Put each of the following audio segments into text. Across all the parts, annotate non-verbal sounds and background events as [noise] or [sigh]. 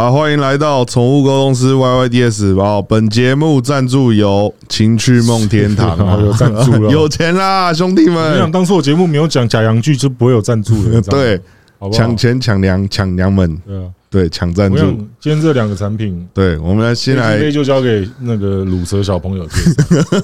好、啊，歡迎來到寵物溝通師 YYDS。好，本節目贊助由情趣夢天堂、啊、 [laughs] 有贊助了， [laughs] 有錢啦，兄弟們！沒想，當初我節目沒有講假陽具，就不會有贊助的。對，搶錢、搶糧、搶娘們。對搶、啊、贊助。今天這兩個產品，對，我們來先來飛機杯，就交給那個魯蛇小朋友，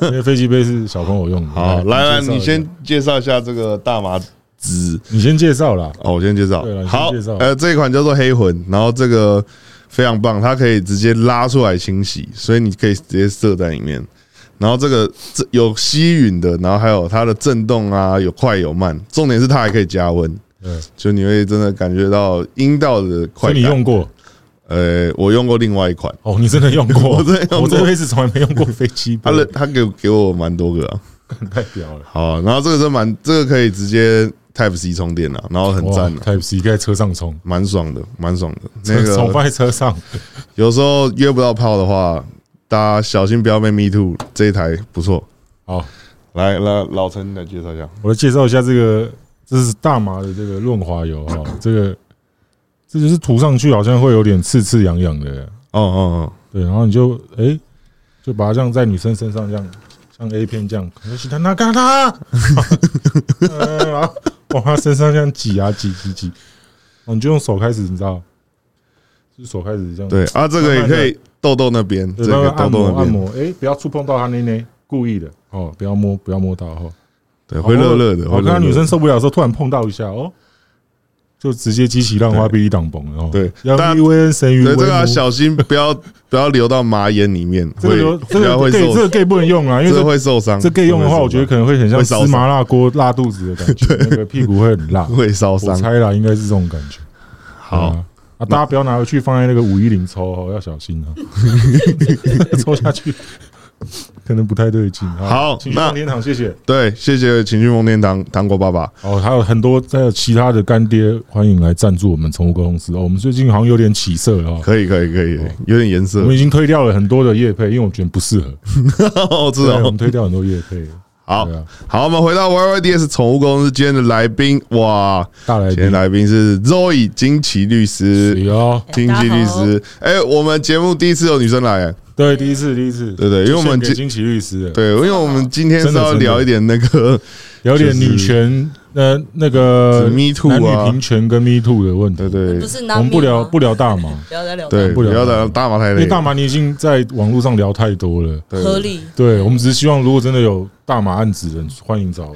[laughs] 因為飛機杯是小朋友用的。好，來來，你先介紹一下這個大麻。子，你先介紹啦。哦，我先介紹。對啦，你介紹。好，呃，這一款叫做黑魂，然後這個非常棒，它可以直接拉出來清洗，所以你可以直接射在裡面。然後這個這有吸吮的，然後還有它的震動啊，有快有慢，重點是它還可以加溫。嗯，就你會真的感覺到陰道的快感。所以你用過？呃，我用過另外一款。哦，你真的用過？對， [laughs] 我這輩子從來沒用過飛機。他、啊、他給給我蠻多個、啊， [laughs] 太屌了。好，然後這個是蠻，這個可以直接。Type C 充電啊，然後很讚的、啊。Type C 在車上充，蠻爽的，蠻爽，爽的。那個放在車上， [laughs] 有時候約不到炮的話，大家小心不要被 me too。這一台不錯。好，來，來老陳來介紹一下。我來介紹一下這個，這是大麻的這個潤滑油啊，哦，這個這就是塗上去好像會有點刺刺癢癢的。哦哦哦，對，然後你就哎，欸，就把它像在女生身上這樣，像 A 片這樣。哈哈哈！ [laughs] 往他身上這樣擠啊擠擠擠，哦，你就用手開始，你知道，是手開始這樣對啊，這個也可以痘痘那邊這個按摩按摩，哎、欸、不要觸碰到他那那故意的哦，不要摸不要摸到哈、哦，對會熱熱的，我看女生受不了的時候突然碰到一下哦。就直接激起浪花，嗶哩擋風，然後對，要威恩神魚尾尾，對這個要、啊、小心，不要 [laughs] 不要流到麻煙裡面，這個這個這個這不能用啊，因為這、這個、會受傷。這可、個、以用的話，我覺得可能會很像吃麻辣鍋辣肚子的感覺，那個屁股會很辣，會燒傷。我猜啦，應該是這種感覺。 [laughs] 好啊，大家不要拿回去放在那個五一零抽，要小心啊， [laughs] [laughs] 抽下去。可能不太對勁。好，情趣夢天堂，謝謝。對，謝謝情趣夢天堂，糖果爸爸。哦，還有很多，還有其他的乾爹，歡迎來贊助我們寵物公司哦。我們最近好像有點起色哦，可以，可以，可以，哦、有點顏色。我們已經推掉了很多的業配，因為我覺得不適合。我知道，我們推掉很多業配。 [laughs] 好、啊、好，好，我們回到 YYDS 寵物公司今天的來賓哇，大來賓，來賓是 Zoe 菁琪律師。你好、哦，菁琪律師。哎、欸，我們節目第一次有女生來、欸。對，第一次，第一次，對對，對，因為我們菁琪律師了，對，因為我們今天是要聊一點那個，真的真的就是、聊一點女權，呃，那個男女平權跟 me too 的問題，對對，對、嗯，我們不聊不聊大麻， [laughs] 聊，對，不聊大麻太，因為大麻你已經在網絡上聊太多了，合理，對，我們只是希望，如果真的有大麻案子的，歡迎找。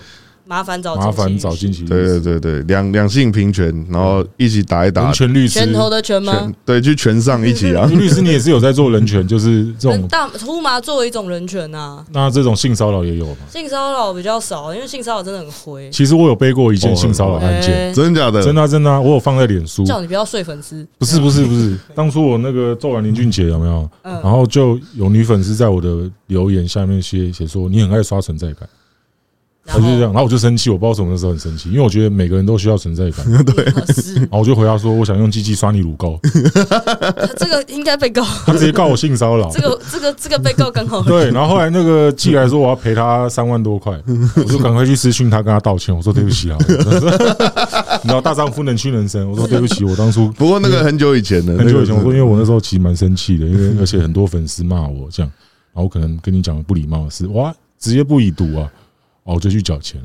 麻煩找麻煩找菁琪對對對對，兩兩性平權，然後一起打一打人權律師，拳頭的拳嗎？拳對，就拳上一起啊、嗯！嗯、 [laughs] 律師，你也是有在做人權，就是這種、嗯、大呼麻作為一種人權吶、啊。那這種性騷擾也有嗎、嗯？性騷擾比較少，因為性騷擾真的很灰。其實我有背過一件性騷擾案件，哦欸、真的假的？真的、啊、真的、啊，我有放在臉書，叫你不要睡粉絲。不是不是不是，不是 [laughs] 當初我那個揍完林俊傑有沒有、嗯？然後就有女粉絲在我的留言下面寫寫說、嗯，你很愛刷存在感。我就這樣，然後我就生氣，我不知道什麼時候很生氣，因為我覺得每個人都需要存在感。對，然後我就回答說，我想用機器刷你乳溝。這個應該被告，他直接告我性騷擾。這個這個這個被告剛好對。然後後來那個寄來說，我要賠他三萬多塊，我就趕快去私訊他，跟他道歉，我說對不起啊。 [laughs] [laughs] 你知道大丈夫能屈能伸，我說對不起，我當初不過那個很久以前的，很久以前，我說因為我那時候其實蠻生氣的，因為而且很多粉絲罵我這樣，然後我可能跟你講不禮貌的事，哇，直接不以讀啊。哦，我就去繳錢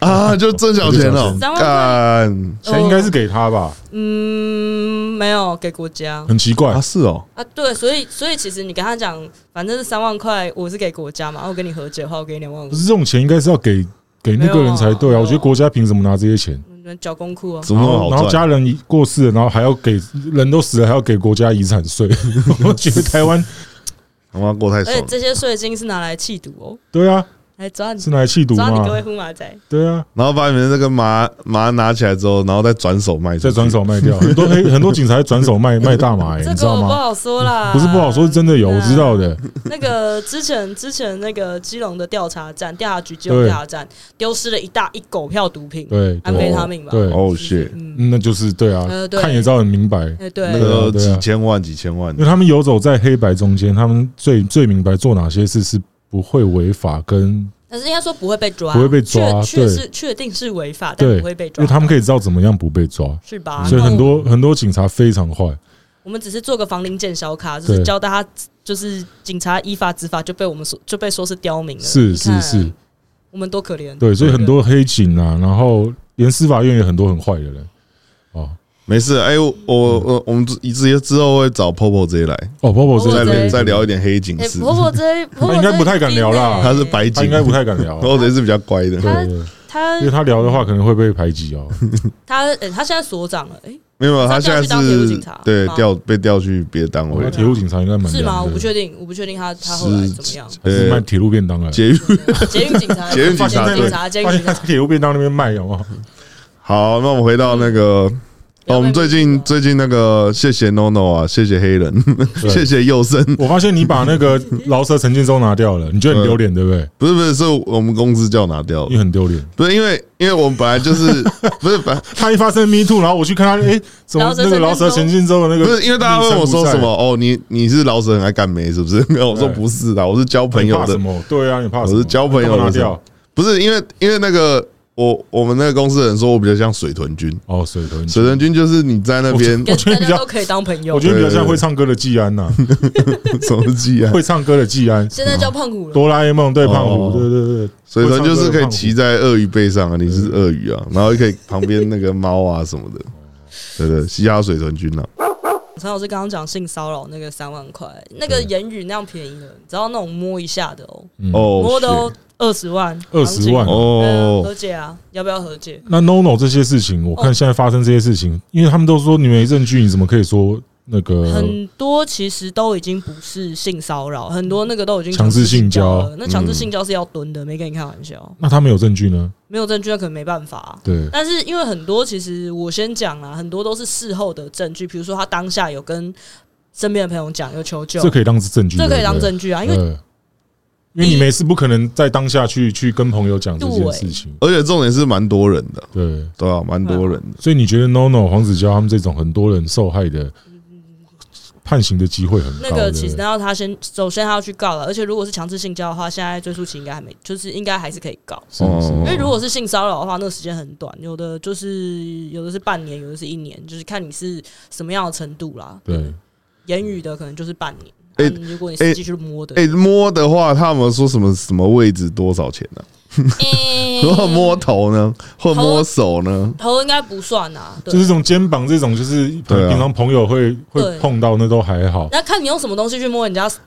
啊，就真繳錢了。三萬塊錢應該是給他吧？哦、嗯，沒有給國家，很奇怪他、啊、是哦，啊，對，所以所以其實你跟他講，反正是三萬塊，我是給國家嘛。然後跟你和解的話，我給你兩萬塊。不是，這種錢應該是要給給那個人才對啊。我覺得國家憑什麼拿這些錢？嗯，繳公庫啊。怎麼，然後家人過世了，然後還要給，人都死了還要給國家遺產稅， [laughs] 我覺得台灣 [laughs] 他媽過太爽。而且這些稅金是拿來棄賭哦。對啊。來、欸、抓你是拿去毒嗎？你對啊，然後把你們那個麻、麻拿起來之後，然後再轉手賣，再轉手賣掉， [laughs] 很多黑很多警察轉手賣賣大麻，欸欸，你知道嗎？這個我不好說啦。不是不好說，是真的有，啊、我知道的。那個之前之前那個基隆的調查站，調查局基隆調查站丟失了一大一狗票毒品，對安非他命吧對，哦，謝、oh, oh, 嗯嗯，那就是對啊、呃對，看也知道很明白。欸、對，那個幾千萬幾千萬，因為他們游走在黑白中間，他們最最明白做哪些事是。不會違法，跟，但是應該說不會被抓，不會被抓，確確是確定是違法，但不會被抓，因為他們可以知道怎麼樣不被抓，是吧？所以很多很多警察非常壞。我們只是做個防臨檢小卡，就是教大家，就是警察依法執法就被我們說就被說是刁民了，是是是、是，我們多可憐。對，所以很多黑警啊，然後連司法院也很多很壞的人，對對對哦。沒事，哎、欸，我我我，我們之直接之後會找 Popo 直 po 接來，哦、oh,，Popo 直接 po 再聊 J, 再聊一點黑警事，Popo 直接，欸、po J, po J, po 他應該不太敢聊啦，欸、他是白警，應該不太敢聊，Popo、欸欸、直是比較乖的，他對，對，對他，因為他聊的話可能會被排擠哦、喔。他呃、欸，他現在所長了，哎、欸，沒有啊，他現在是對，調被調去別的單位了，鐵、喔、路警察應該蠻是嗎？我不確定，我不確定他他後來怎麼樣，是欸、還是賣鐵路便當、欸、對對對啊，捷運捷運警察，捷運警察對，捷運警察，鐵路便當那邊賣有嗎？好，那我們回到那個。哦，我們最近最近那個，謝謝 NONO 啊，謝謝黑人， [laughs] 謝謝佑生。我發現你把那個饒舌陳建州拿掉了，你覺得很丟臉對不對、呃？不是不是，是我們公司叫拿掉，你很丟臉。不是因為因為我們本來就是不是本來， [laughs] 他一發生 Me Too，然後我去看他，欸、什麼那個饒舌陳建州的那個？不是因為大家問我說什麼？哦，你你是饒舌很愛乾梅是不是沒有？我說不是的，我是交朋友的。啊、你怕什麼？對啊，你怕什麼？我是交朋友的你拿掉。不是因為因為那個。我我們那個公司的人說，我比較像水豚君哦，水豚水豚君就是你在那邊，我覺得，我覺得比較可以當朋友對對對。我覺得比較像會唱歌的技安吶、啊， [laughs] 什麼是技安？會唱歌的技安，現、嗯、在叫胖虎哆啦 A 夢，對哦哦，胖虎，對對對，水豚就、啊哦哦、就是可以騎在鱷魚背上啊，你是鱷魚啊，然後也可以旁邊那個貓啊什麼的， [laughs] 對對，嘻哈水豚君啊。陳老師剛剛講性騷擾那個三萬塊、欸，那個言語那樣便宜的，你知道那種摸一下的哦、喔，嗯 oh, 摸都二十萬，二十萬哦，和、嗯 oh. 解啊，要不要和解？那 no no 這些事情，我看現在發生這些事情，oh. 因為他們都說你沒證據，你怎麼可以說？那個很多其實都已經不是性騷擾、嗯，很多那個都已經強制性交了。強制性交，那強制性交是要蹲的、嗯，沒跟你開玩笑。那他沒有證據呢？沒有證據，那可能沒辦法、啊。對，但是因為很多其實我先講啦、啊，很多都是事後的證據，比如說他當下有跟身邊的朋友講，有求救，這可以當是證據，這可以當證據啊。因為、嗯、因為你每次不可能在當下去去跟朋友講這件事情、欸，而且重點是蠻多人的，對對啊，蠻多人的、啊。所以你覺得 No No 黃子佼他們這種很多人受害的？判刑的機會很大那個，其實然後他先對對，首先他要去告了，而且如果是強制性交的話，現在追訴期應該還沒，就是應該還是可以告。是？是是是，因為如果是性騷擾的話，那個時間很短，有的就是有的是半年，有的是一年，就是看你是什麼樣的程度啦。對，嗯、言語的可能就是半年。嗯、欸，如果你是繼續摸的，誒、欸欸，摸的話，他們說什麼什麼位置多少錢呢、啊？如、嗯、何摸頭呢，或摸手呢。頭，頭應該不算吶、啊，就是從肩膀這種，就是平常朋友會、啊、會碰到，那都還好。那看你用什麼東西去摸人家 [laughs] 。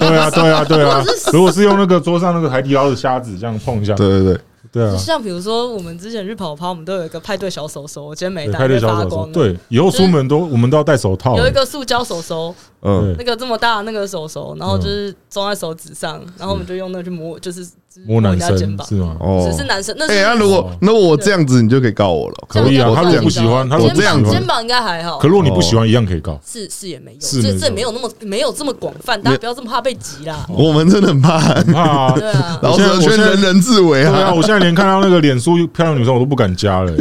對啊，啊、對啊，對啊。如果是用那個桌上那個海底撈的蝦子這樣碰一下，對對對對啊。就像比如說我們之前去跑趴，我們都有一個派對小手手，我今天沒帶，發光。對，以後出門都、就是、我們都要戴手套，有一個塑膠手手，嗯，那個這麼大那個手手，然後就是裝在手指上、嗯，然後我們就用那個去摸，就是。摸男生摸是嗎？哦，只是男生。那、欸啊、如果那、哦、我這樣子，你就可以告我了。可以啊。他如果不喜歡，他我這樣肩膀，肩膀應該還好。可如果你不喜歡，一樣可以告。是是也沒有，是沒有是這這沒有那麼沒有這麼廣泛，大家不要這麼怕被擠啦、哦哦。我們真的很怕、哦、啊，啊，啊！我覺得，然後然人人自危啊！我現在連看到那個臉書漂亮女生，我都不敢加了、欸。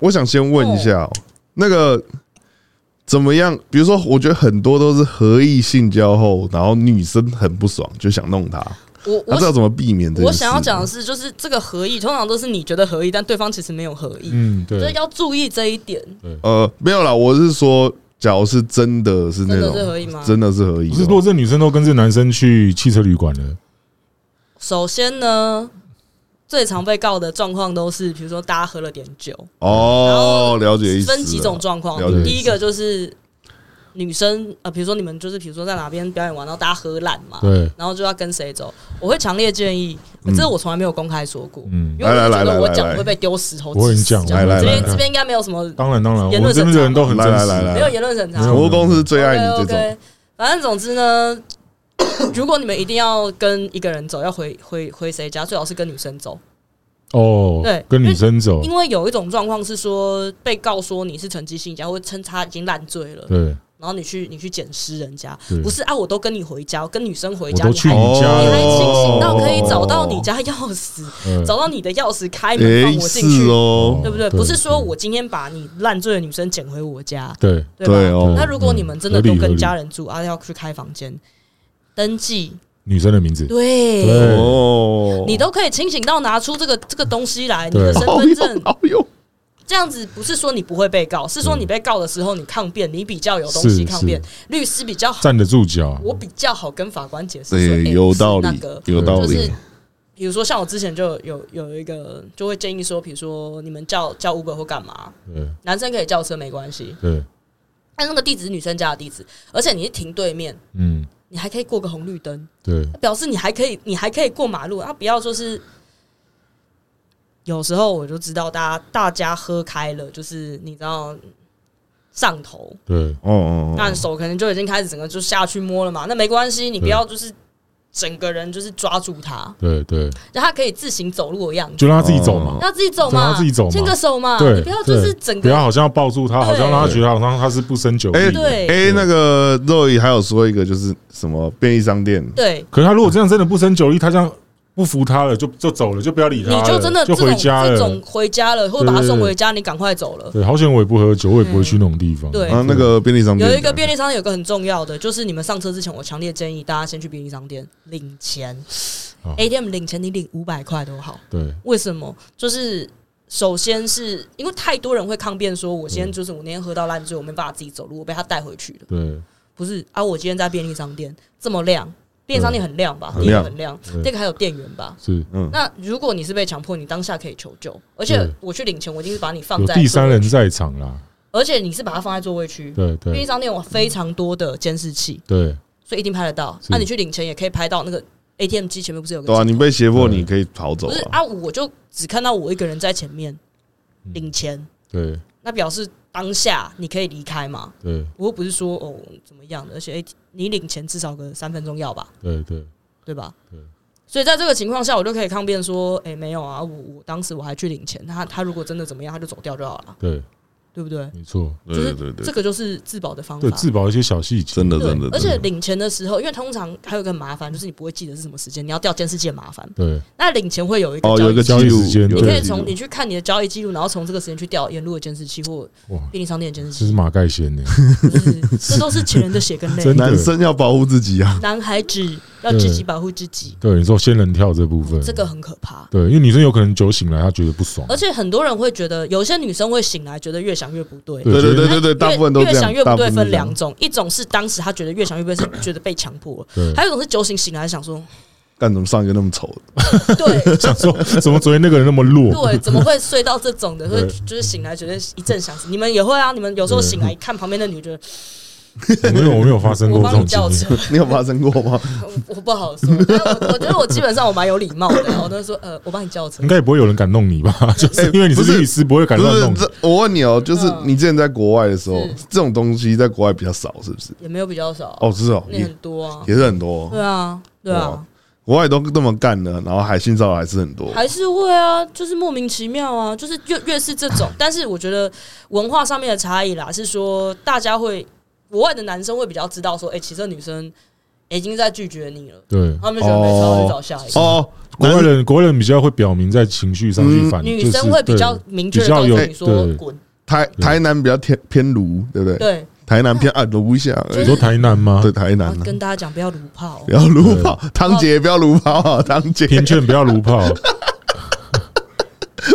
我想先問一下、喔哦，那個怎麼樣？比如說，我覺得很多都是合意性交後，然後女生很不爽，就想弄他。我我知道怎麼避免？我想要講的是，就是這個合意通常都是你覺得合意，但對方其實沒有合意。嗯，對，所以要注意這一點。呃，沒有啦，我是說，假如是真的是那種真的是合意嗎？真的是合意。不是，如果這女生都跟這男生去汽車旅館了，首先呢，最常被告的狀況都是，比如說大家喝了點酒。哦，了，了解。分幾種狀況，第一個就是。女生啊，比、呃、如說你們就是，比如說在哪邊表演完，然後大家喝爛嘛，對，然後就要跟誰走。我會強烈建議，呃嗯、這我從來沒有公開說過，嗯，來來來來我講會被丟石頭，嗯、我跟你講、嗯嗯嗯嗯，來來，來，這邊這邊應該沒有什麼，當然當然，言查我們這邊人都很來來，來，來，來沒有言論審查，寵物公司最愛你這種。Okay, okay. 反正總之呢， [coughs] 如果你們一定要跟一個人走，要回回回誰家，最好是跟女生走。哦、oh、，對，跟女生走，因為有一種狀況是說，被告說你是乘機性侵，然後趁她已經爛醉了，對。然後你去，你去撿失人家，不是啊？我都跟你回家，跟女生回家，你還你還清醒到可以找到你家鑰匙、哦，找到你的鑰匙開門讓我進去、欸哦，對不對、哦、對、對？不是說我今天把你爛醉的女生撿回我家，對對吧？那、哦嗯嗯、如果你們真的都跟家人住，啊，要去開房間，登記女生的名字，對哦，你都可以清醒到拿出這個這個東西來，你的身份證。這樣子不是說你不會被告，是說你被告的時候，你抗辯，你比較有東西抗辯，律師比較好站得住腳，我比較好跟法官解釋。對，有道理，那個、有道理。嗯、就是、比如說，像我之前就有有一個，就會建議說，比如說你們叫叫 Uber 或幹嘛，對，男生可以叫車沒關係，對。但那個地址是女生家的地址，而且你一停對面，嗯，你還可以過個紅綠燈，對，表示你還可以，你還可以過馬路啊，不要說是。有時候我就知道，大家大家喝開了，就是你知道上頭，對，哦哦、嗯，那你手可能就已經開始整個就下去摸了嘛，那沒關係，你不要就是整個人就是抓住他，對對，讓、嗯、他可以自行走路的樣子，就讓他自己走嘛，讓、嗯、他自己走嘛，自己走嘛，牽個手嘛，對，你不要就是整個，不要好像要抱住他，好像讓他覺得好像他是不勝酒力，對，哎、欸，那個肉毅還有說一個就是什麼便利商店對，對，可是他如果這樣真的不勝酒力，他這樣。不扶他了，就就走了，就不要理他了。你就真的這種就回家了這，這種回家了，或者把他送回家，對對對對，你趕快走了。對，好險，我也不喝酒，我也不會去那種地方。嗯、對、啊，那個便利商店，有一，利商店有一個便利商店有個很重要的，就是你們上車之前，我強烈建議大家先去便利商店領錢，ATM 領錢，你領五百塊都好。對，為什麼？就是首先是因為太多人會抗辯說，我今天就是我那天喝到爛醉，我沒辦法自己走路，我被他帶回去了。對，不是啊，我今天在便利商店這麼亮。電商店很亮吧？很亮，電商很亮。這個還有電源吧？是。嗯、那如果你是被強迫，你當下可以求救。而且我去領錢，我一定是把你放在第三人，在場啦。而且你是把它放在座位區，對對。因為商店有非常多的監視器，對，所以一定拍得到。那、啊、你去領錢也可以拍到那個 ATM 機前面不是有個。對啊，你被脅迫，你可以逃走。是啊，不是啊，我就只看到我一個人在前面領錢，嗯、對，那表示。當下你可以離開嗎？對，我又不是說哦怎麼樣的，而且，欸，你領錢至少個三分鐘要吧？對對對吧？對，所以在這個情況下，我就可以抗辯說：哎，欸，沒有啊，我我當時我還去領錢，他他如果真的怎麼樣，他就走掉就好了。對。對不對？沒錯，就對對，這個就是自保的方法對對對對對，對，自保一些小細節，真的真的，真的。而且領錢的時候，因為通常還有一個很麻煩，就是你不會記得是什麼時間，你要調監視器麻煩。對，那領錢會有一個交易、哦、個交易、交易時間，你可以從你去看你的交易記錄，然後從這個時間去調沿路的監視器或便利商店的監視器。這是馬蓋先的、就是，這都是前人的血跟淚。所以男生要保護自己啊，男孩子。要自己保護自己。對，你說仙人跳這部分、嗯，這個很可怕。對，因為女生有可能酒醒來，她覺得不爽、啊。而且很多人會覺得，有些女生會醒來覺得越想越不對。對對對對、對、對、對，大部分都這樣，越想越不對，分兩種，大部分都這樣，一種是當時她覺得越想越不對是覺得被強迫，還有一種是酒醒醒來想說，但怎麼上一個那麼醜？對，想說怎麼昨天那個人那麼弱？ [laughs] 對，怎麼會睡到這種的？對，就是醒來覺得一陣想死。你們也會啊？你們有時候醒來看旁邊的女的。沒有，我沒有發生過這種，你,你有發生過嗎？ [laughs] 我不好說。我覺得我,我,覺得我基本上我蠻有禮貌的。我都說呃，我幫你叫車，應該也不會有人敢弄你吧？欸、就是因為你是律師不是，不會敢亂弄你這。我問你哦，就是你之前在國外的時候，啊、這種東西在國外比較少，是不是？也沒有比較少哦，至少、哦、也很多、啊也，也是很多、啊。對啊，對啊，國外都這麼幹的，然後海信照還是很多，還是會啊，就是莫名其妙啊，就是越越是這種。 [laughs] 但是我覺得文化上面的差異啦，是說大家會。國外的男生會比較知道說，哎、欸，其實女生、欸、已經在拒絕你了，對，他們就覺得沒事，哦、找下一個。哦，國外人國外人比較會表明在情緒上去反、嗯就是，女生會比較明確。比較有你說滾。台台南比較偏偏盧，對不對？對，對台南偏啊盧一下，你說台南嗎？對台南、啊啊。跟大家講、喔，不要盧炮，不要盧炮、喔，湯姐不要盧炮，湯姐聽勸不要盧炮，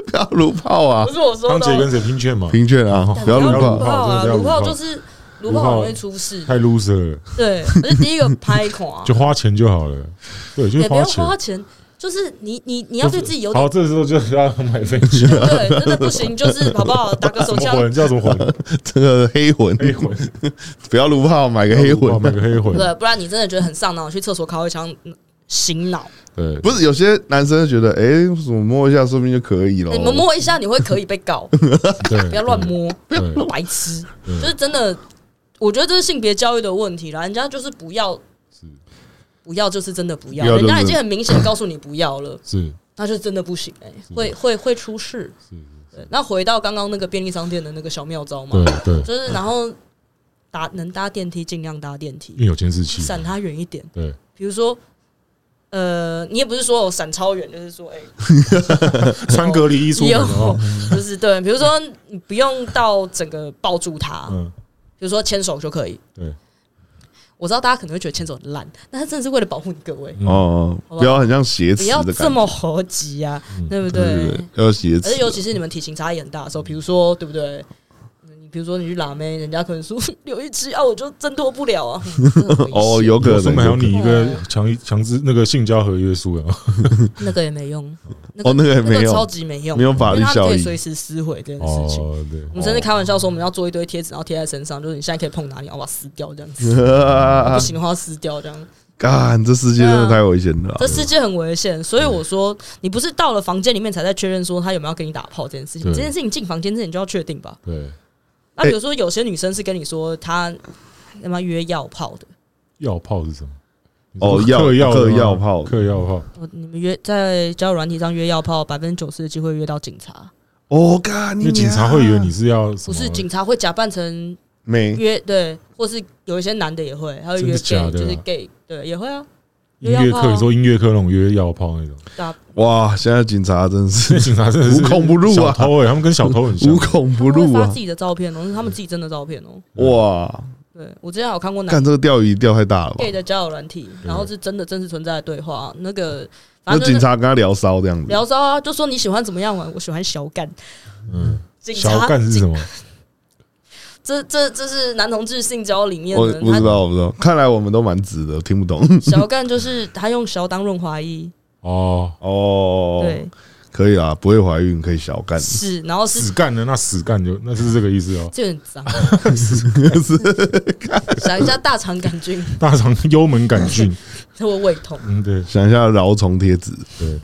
不要盧炮啊！不是我說湯、喔、姐跟誰聽勸嗎？聽勸啊，不要盧炮、啊，盧炮、啊、就是。盧好容易出事，太 loser。對，而且第一個拍啊， [laughs] 就花錢就好了，對，就、欸、不要花錢，就是你你你要對自己有點好。這時候就是要買飛機、啊，對，真的不行，就是好不好？打個手槍，魂叫什麼魂、啊？這個黑魂，黑魂，不要盧炮，買個黑魂、啊，買個黑魂、啊，對，不然你真的覺得很上腦，去廁所靠一槍醒腦。對，不是有些男生覺得，哎、欸，我摸一下，說不定就可以了。你、欸、們摸一下，你會可以被告， [laughs] 不要亂摸，不要亂摸，不要白痴，就是真的。我覺得這是性別教育的問題啦。人家就是不要，不要就是真的不要，不要就是、人家已經很明顯告訴你不要了，是那就真的不行哎、欸，會會會出事。是是是，那回到剛剛那個便利商店的那個小妙招嘛，對，對就是然後搭能搭電梯盡量搭電梯，因為有監視器、啊，閃他遠一點。對，比如說，呃，你也不是說我閃超遠，就是說，哎、欸， [laughs] 穿隔離衣出有， [laughs] 就是對，比如說你不用到整個抱住他。嗯比如說牽手就可以，對。我知道大家可能會覺得牽手很爛，但他真的是為了保護你各位哦、嗯，不要很像挾持。不要這麼猴急啊、嗯，對不對？對對對，要挾持，而且尤其是你們體型差異很大的時候、嗯，比如說，對不對？比如說你去拉妹，人家可能說有一隻要我就掙脫不了啊、嗯。哦，有可能。有沒有你一個強強制那個性交合約書啊？那個也沒用、那個，哦，那個也沒有，那個、超級沒用，沒有法律效力。可以隨時撕毀這件事情、哦。我們甚至開玩笑說，我們要做一堆貼紙，然後貼在身上，就是你現在可以碰哪裡，然後把它撕掉這樣子。啊啊、不行，的話，撕掉這樣。幹、啊嗯，這世界真的太危險了、啊。這世界很危險，所以我說，你不是到了房間裡面才在確認說他有沒有跟你打炮這件事情？這件事情進房間之前你就要確定吧。對。那、欸啊，比如說，有些女生是跟你說她幹嘛約藥炮的？藥炮是什麼？哦，嗑藥嗑藥炮，嗑藥炮，炮。你們約在交友軟體上約藥炮，百分之九十的機會約到警察。哦，God，因為警察會以為你是要……不是警察會假扮成？沒約對，或是有一些男的也會，他會約 gay，就是 gay，對，也會啊。音樂課，你說音樂課那種約藥炮那種，哇！現在警察真是警察，真是無孔不入啊！他們跟小偷很無孔不入啊！自己的照片哦、喔，是他們自己真的照片哦！哇！對我之前有看過，看這個釣魚釣太大了，給的交友軟體，然後是真的真實存在的對話，那個反正警察跟他聊騷這樣子，聊騷啊，就說你喜歡怎麼樣玩？我喜歡小乾嗯，小乾是什麼？這這這是男同志性交理念，的，我不知道我不知道，看來我們都蠻直的，聽不懂。小幹就是他用小當潤滑劑哦哦，對，可以啊，不會懷孕可以小幹，是，然後是死幹的那死幹就那是這個意思哦、喔，就、這、髒、個啊，死、啊、幹。是是是 [laughs] 想一下大腸桿菌、大腸幽門桿菌， [laughs] 我胃痛。嗯，對，想一下蟯蟲貼紙，對，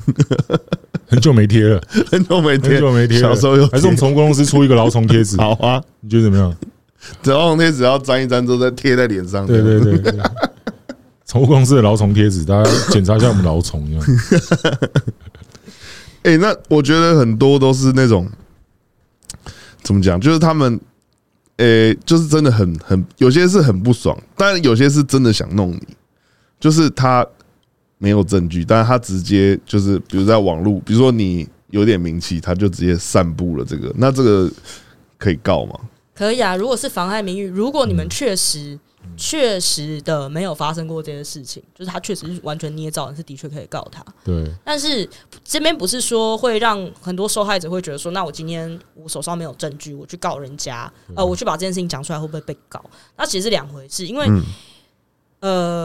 很久沒貼了，很久沒貼，很久沒貼，小時候有還是我們從公司出一個蟯蟲貼紙，好啊，你覺得怎麼樣？紙條貼紙要粘一粘之後再貼在臉上。對對對，寵 [laughs] 物公司的勞蟲貼紙，大家檢查一下我們勞蟲。哎、 [laughs] 欸，那我覺得很多都是那種怎麼講，就是他們，哎、欸，就是真的很很有些是很不爽，但有些是真的想弄你，就是他沒有證據，但是他直接就是比如在網絡，比如說你有點名氣，他就直接散布了這個，那這個可以告嗎？可以啊，如果是妨礙名譽，如果你們確實確、嗯嗯、實的沒有發生過這些事情，就是他確實是完全捏造，是的確可以告他。對、嗯，但是這邊不是說會讓很多受害者會覺得說，那我今天我手上沒有證據，我去告人家，嗯、呃，我去把這件事情講出來會不會被告？那其實是兩回事，因為、嗯、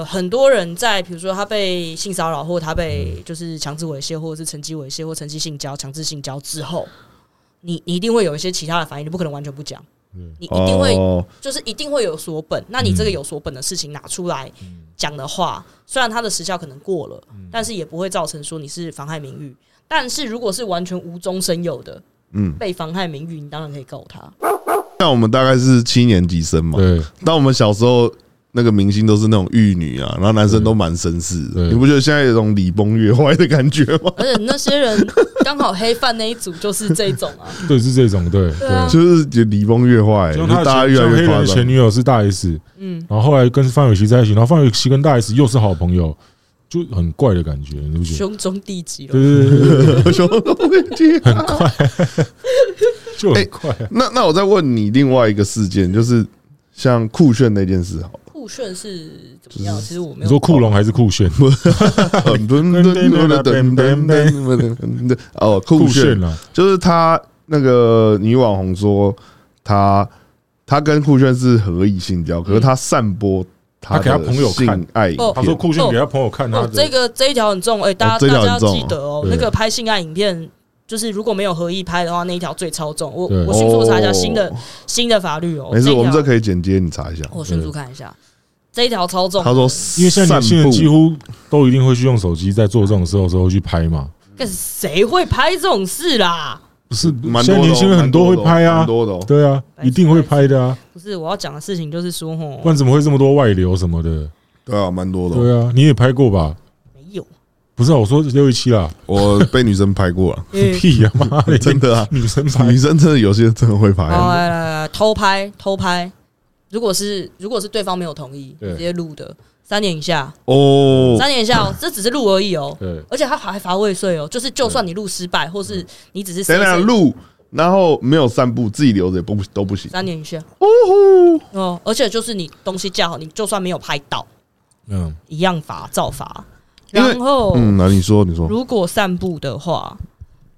呃，很多人在比如說他被性騷擾，或他被就是強制猥褻，或者是乘機猥褻或者乘機性交、強制性交之後，你你一定會有一些其他的反應，你不可能完全不講。你一定會、哦，就是一定會有所本、嗯。那你這個有所本的事情拿出來講的話，嗯、雖然它的時效可能過了、嗯，但是也不會造成說你是妨害名譽、嗯。但是如果是完全無中生有的，嗯，被妨害名譽，你當然可以告他。像我們大概是七年級生嘛。對。那我們小時候。那個明星，都是那種玉女啊，然後男生都蠻紳士，你不覺得現在有種禮崩樂壞的感覺嗎？而且那些人剛好黑范那一組就是這種啊， [laughs] 對，是這種，對對、啊、對，就是禮崩樂壞、欸，就大他前前女友是大 S，嗯，然後後來跟范瑋琪在一起，然後范瑋琪跟大 S 又是好朋友，就很怪的感覺，你不覺得？兄終弟及，對對對，兄終弟及很快 [laughs] [laughs] 就很快、啊欸。那那我再問你另外一個事件，就是像酷炫那件事好，酷炫是怎麼樣？就是、其實我沒有，你說酷龍還是酷炫？哦， [laughs] [laughs] [laughs] [laughs] [laughs] 酷炫啊！就是他那個女網紅說，他他跟酷炫是合意性交、嗯，可是他散播他，他給他朋友看愛、喔、他說酷炫給他朋友看他、喔喔、這個這一條很重，哎、欸，大家、喔啊、大家要記得哦。那個拍性愛影片，就是如果沒有合意拍的話，那一條最超重。我我，我迅速查一下、喔、新的新的法律哦。沒事，我，這我們這可以剪接，你查一下。我迅速看一下。這條超重，他說，因為現在年輕人幾乎都一定會去用手機在做這種事的時候會去拍嘛。但是誰會拍這種事啦？不是，現在年輕人很多會拍啊，很多的，對啊，一定會拍的啊，啊。不是我要講的事情，就是說吼，不然怎麼會這麼多外流什麼的？對啊，蠻多的。對啊，你也拍過吧？沒有，不是我說六一七啦，我被女生拍過了。屁呀媽的，真的啊，女生拍，女生真的有些真的會拍。哦、來，來，來來，偷拍偷拍。如果是如果是對方沒有同意，直接錄的，三年以下哦，三年以下，喔，這只是錄而已哦，喔。對，而且他還罰未遂哦，喔，就是就算你錄失敗，或是你只是誰來錄，然後沒有散布，自己留着也不都不行，三年以下哦哦，喔，而且就是你東西架好，你就算沒有拍到，嗯，一樣罰照罰。然後，嗯，那你說你說，如果散布的話，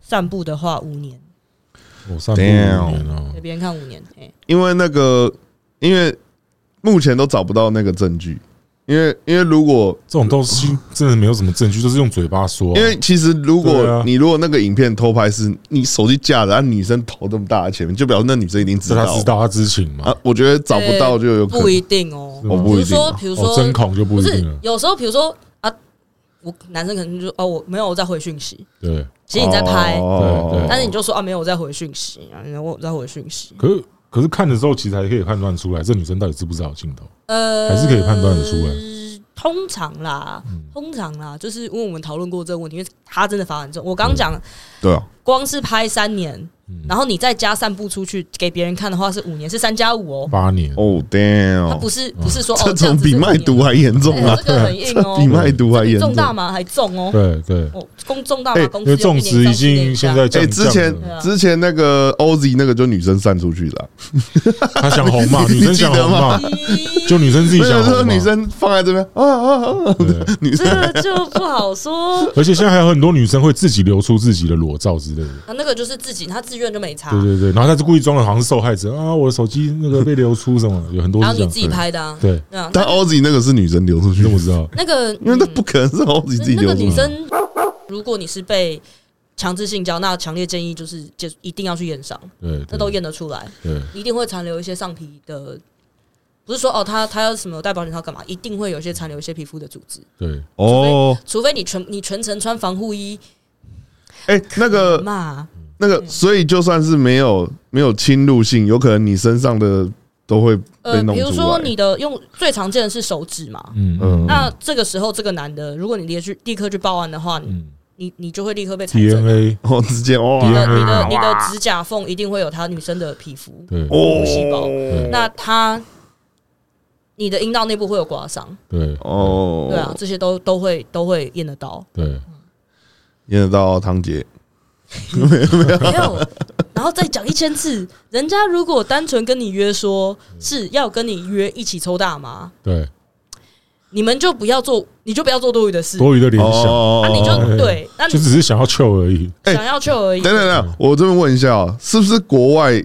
散布的話五年，我，喔，散布五年給別人看五年，欸，因為那個。因為目前都找不到那個證據，因為因為如果這種東西真的沒有什麼證據，就 [laughs] 是用嘴巴說。啊，因為其實如果，啊，你如果那個影片偷拍是你手機架著，啊女生投這麼大的錢，就表示那女生一定知道，他知道她知情嘛。啊，我覺得找不到就有可能不一定哦。我不是說。比如說，比如，針孔，就不，不是有時候，比如說啊，我男生可能就哦，啊，我沒有我在回訊息。對，其實你在拍，但，哦、是、嗯、你就說啊，沒有我在回訊息啊，我我在回訊息。可是可是看的時候，其實還可以判斷出來，這女生到底知不知道有鏡頭？呃，還是可以判斷得出來、呃。通常啦，通常啦，就是因為我們討論過這個問題，因為她真的罰很重。我剛剛講。嗯對啊，光是拍三年，嗯，然後你再加散布出去給別人看的話，是五年，是三加五哦，八年哦，damn 他不是不是說哦，啊，這種比賣毒還嚴重啊，對對對，這個很硬哦，比賣毒還嚴重，這個，大麻還重哦，對對哦，公種大麻公司種植已經現在，哎，欸，之前，欸之前啊，之前那個 Ozy 那個就女生散出去了，啊，他想紅嘛，女生想紅嘛，就女生自己想紅，就是，說女生放在這邊啊啊啊啊啊，對女生就不好說， [laughs] 而且現在還有很多女生會自己流出自己的乳火照之類的，啊，那個就是自己，他自願就沒差。對對對，然後他就故意裝的，好像是受害者啊，我的手機那個被流出什麼， [laughs] 有很多。然後你自己拍的啊，對。他 Ozy、嗯那個、那個是女生流出去，那我知道？那個、嗯，那不可能是 Ozy 自己流出去。那個女生，如果你是被強制性交，那強烈建議就是，就一定要去驗傷。對，這都驗得出來。對，一定會殘留一些上皮的，不是說哦，他他要什麼戴保險套幹嘛？一定會有一些殘留一些皮膚的組織。對，哦，除非你全你全程穿防護衣。哎、欸，那個那個，所以就算是沒有沒有侵入性，有可能你身上的都會被弄出來、呃、比如說你的用最常見的是手指嘛，嗯嗯，那這個時候這個男的，如果你連續立刻去報案的話，嗯、你你就會立刻被採 DNA 哦，直接、哦、你的你的你的指甲縫一定會有他女生的皮膚細、哦、胞對對，那他你的陰道內部會有刮傷，對哦、嗯，對啊，這些都都會都會驗得到，對。約得到唐杰？沒有 [laughs] 沒有，然後再講一千次。人家如果單純跟你約說是要跟你約一起抽大麻對、啊嗯嗯嗯嗯嗯，對，你們就不要做，你就不要做多餘的事，多餘的聯想啊，你就對，那就只是想要抽而已、欸，想要抽而已、欸對。等等等，我這邊問一下，是不是國外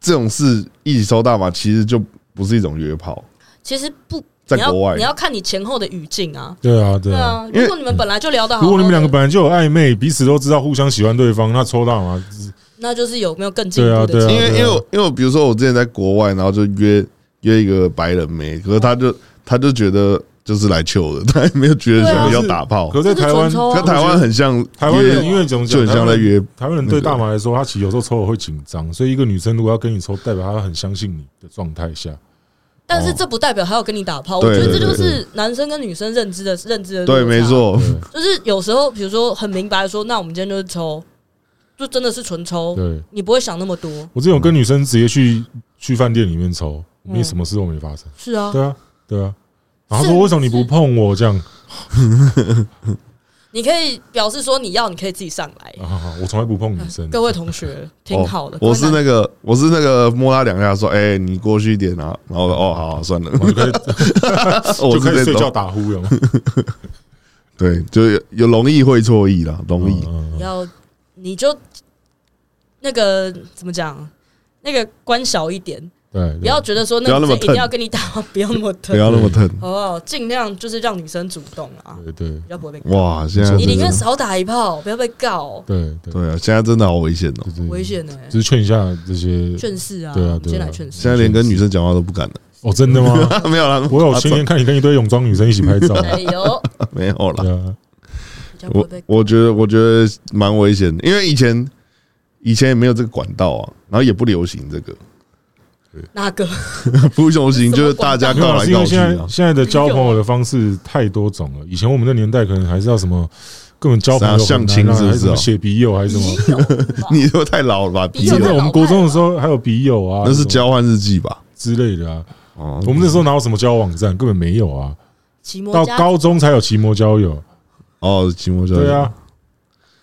這種事一起抽大麻其實就不是一種約炮？其實不。在國外你要，你要看你前後的語境啊。對啊,對啊，對啊。如果你們本來就聊到好、嗯，如果你們兩個本來就有曖昧，彼此都知道互相喜歡對方，那抽大麻、就是，那就是有沒有更近對,近對啊，啊對,啊對,啊對,啊、對啊。因為，因為我，因為，比如說我之前在國外，然後就約約一個白人妹，可是他就他就覺得就是來求的，他也沒有覺得想要打炮、啊。可，在台灣，可、啊、台灣很像台灣人，因為總就很像在約。台灣人對大麻來說，他其實有時候抽我會緊張，所以一個女生如果要跟你抽，代表她很相信你的狀態下。但是這不代表他要跟你打炮，我覺得這就是男生跟女生認知的認知的對，沒錯，就是有時候比如說很明白說，那我們今天就是抽，就真的是純抽，對你不會想那麼多。我之前有跟女生直接去去飯店裡面抽，你什麼事都沒發生，是啊，對啊，對啊，啊、然後他說為什麼你不碰我這樣？ [laughs] 你可以表示說你要，你可以自己上來。啊、好好我從來不碰女生。各位同學，挺好的、哦。我是那個，我是那個摸他兩下，說，哎、欸，你過去一點啊。然後哦，好，好，算了，我就可以，我 [laughs] 可以睡覺打呼嚕。 [laughs] 對，就有，有容易會錯意了，容易。啊啊啊啊你要你就那個怎麼講？那個關小一點。對,對，不要覺得說那個要一定要跟你打，不要那麼疼，不要那麼疼，好不好？儘量就是讓女生主動啊。對對，不被哇！現在你寧願少打一炮，不要被告、哦。對對,對,對啊，現在真的好危險哦，對對對危險的、欸。就是勸一下這些勸世、嗯、啊，對啊，對啊先來勸世現在連跟女生講話都不敢了,、啊啊啊不敢了。哦，真的嗎？ [laughs] 沒有啦。我有天天看你跟一堆泳裝女生一起拍照、啊 [laughs] 哎。沒有，啦。啊啊、我我覺得我覺得蠻危險，因為以前以前也沒有這個管道啊，然後也不流行這個。那個 [laughs] 不中心？就是大家鬧來告去，啊、 [laughs] 因為現在的交朋友的方式太多種了。以前我們的年代可能還是要什麼，根本交朋友相親是不是寫筆友還是什麼，什麼是是？你都太老了吧，筆友，友，吧友吧。我們國中的時候還有筆友啊，那是交換日記吧，之類的啊，嗯。我們那時候哪有什麼交友網站，根本沒有啊。到高中才有奇摩交友哦，奇摩交友。對啊。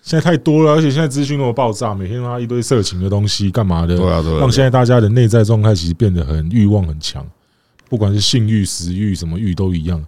現在太多了，而且現在資訊那麼爆炸，每天發一堆色情的東西，幹嘛的？對啊，對啊，對啊，讓現在大家的內在狀態其實變得很欲望很強，不管是性欲、食欲什麼欲都一樣。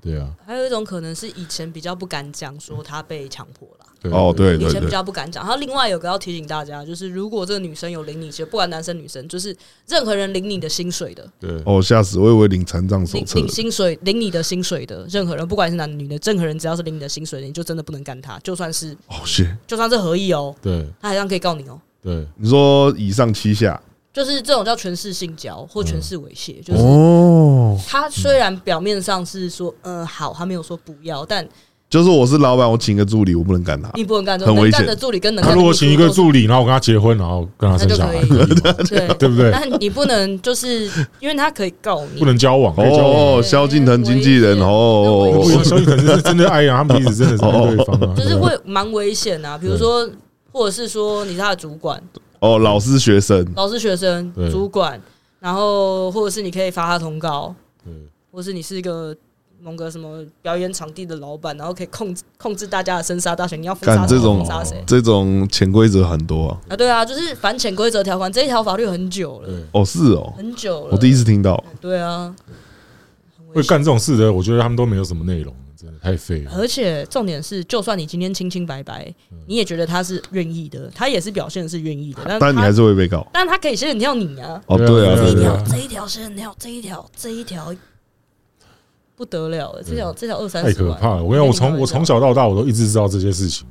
對啊，還有一種可能是以前比較不敢講，說他被強迫了、嗯。對哦，對，以前比較不敢講。然後另外有個要提醒大家，就是如果這個女生有領你，其實不管男生女生，就是任何人領你的薪水的，對哦，嚇死，我以為領殘障手冊，領薪水，領你的薪水的任何人，不管是男的女的，任何人只要是領你的薪水的，你就真的不能干他，就算是哦是、oh，就算是合意哦，對，他還是可以告你哦。對，你說以上七下。就是這種叫權勢性交或權勢猥褻，就是他雖然表面上是說嗯、呃、好，他沒有說不要，但就是我是老闆，我請個助理，我不能幹他，你不能幹，很危險的助理。跟他如果請一個助理，然後跟他結婚，然後跟他生小孩，對不 [laughs] 對，對？但 [laughs] 你不能就是因為他可以告你，不能交往哦。蕭敬騰經紀人哦，蕭敬騰是真的愛呀，他們彼此真的是對方， [laughs] 就是會蠻危險啊。比如說，或者是說你是他的主管。哦，老師、學生，嗯、老師、學生、主管，然後或者是你可以發他通告，嗯，或者是你是一個某個什麼表演場地的老闆，然後可以控制控制大家的生殺大權。你要幹這種、哦、這種潛規則很多啊。啊，對啊，就是反潛規則條款這一條法律很久了。哦是哦，很久了，我第一次聽到。對，對啊，會幹這種事的，我覺得他們都沒有什麼內容。真的太廢了，而且重點是，就算你今天清清白白，你也覺得他是願意的，他也是表現的是願意的但，但你還是會被告。但他可以先很跳你啊！哦，對啊，這一條、啊啊啊，這一條，這一條，這一條，不得了了，這條，這條二三太可怕了！我跟你講，我從我從小到大我都一直知道這些事情，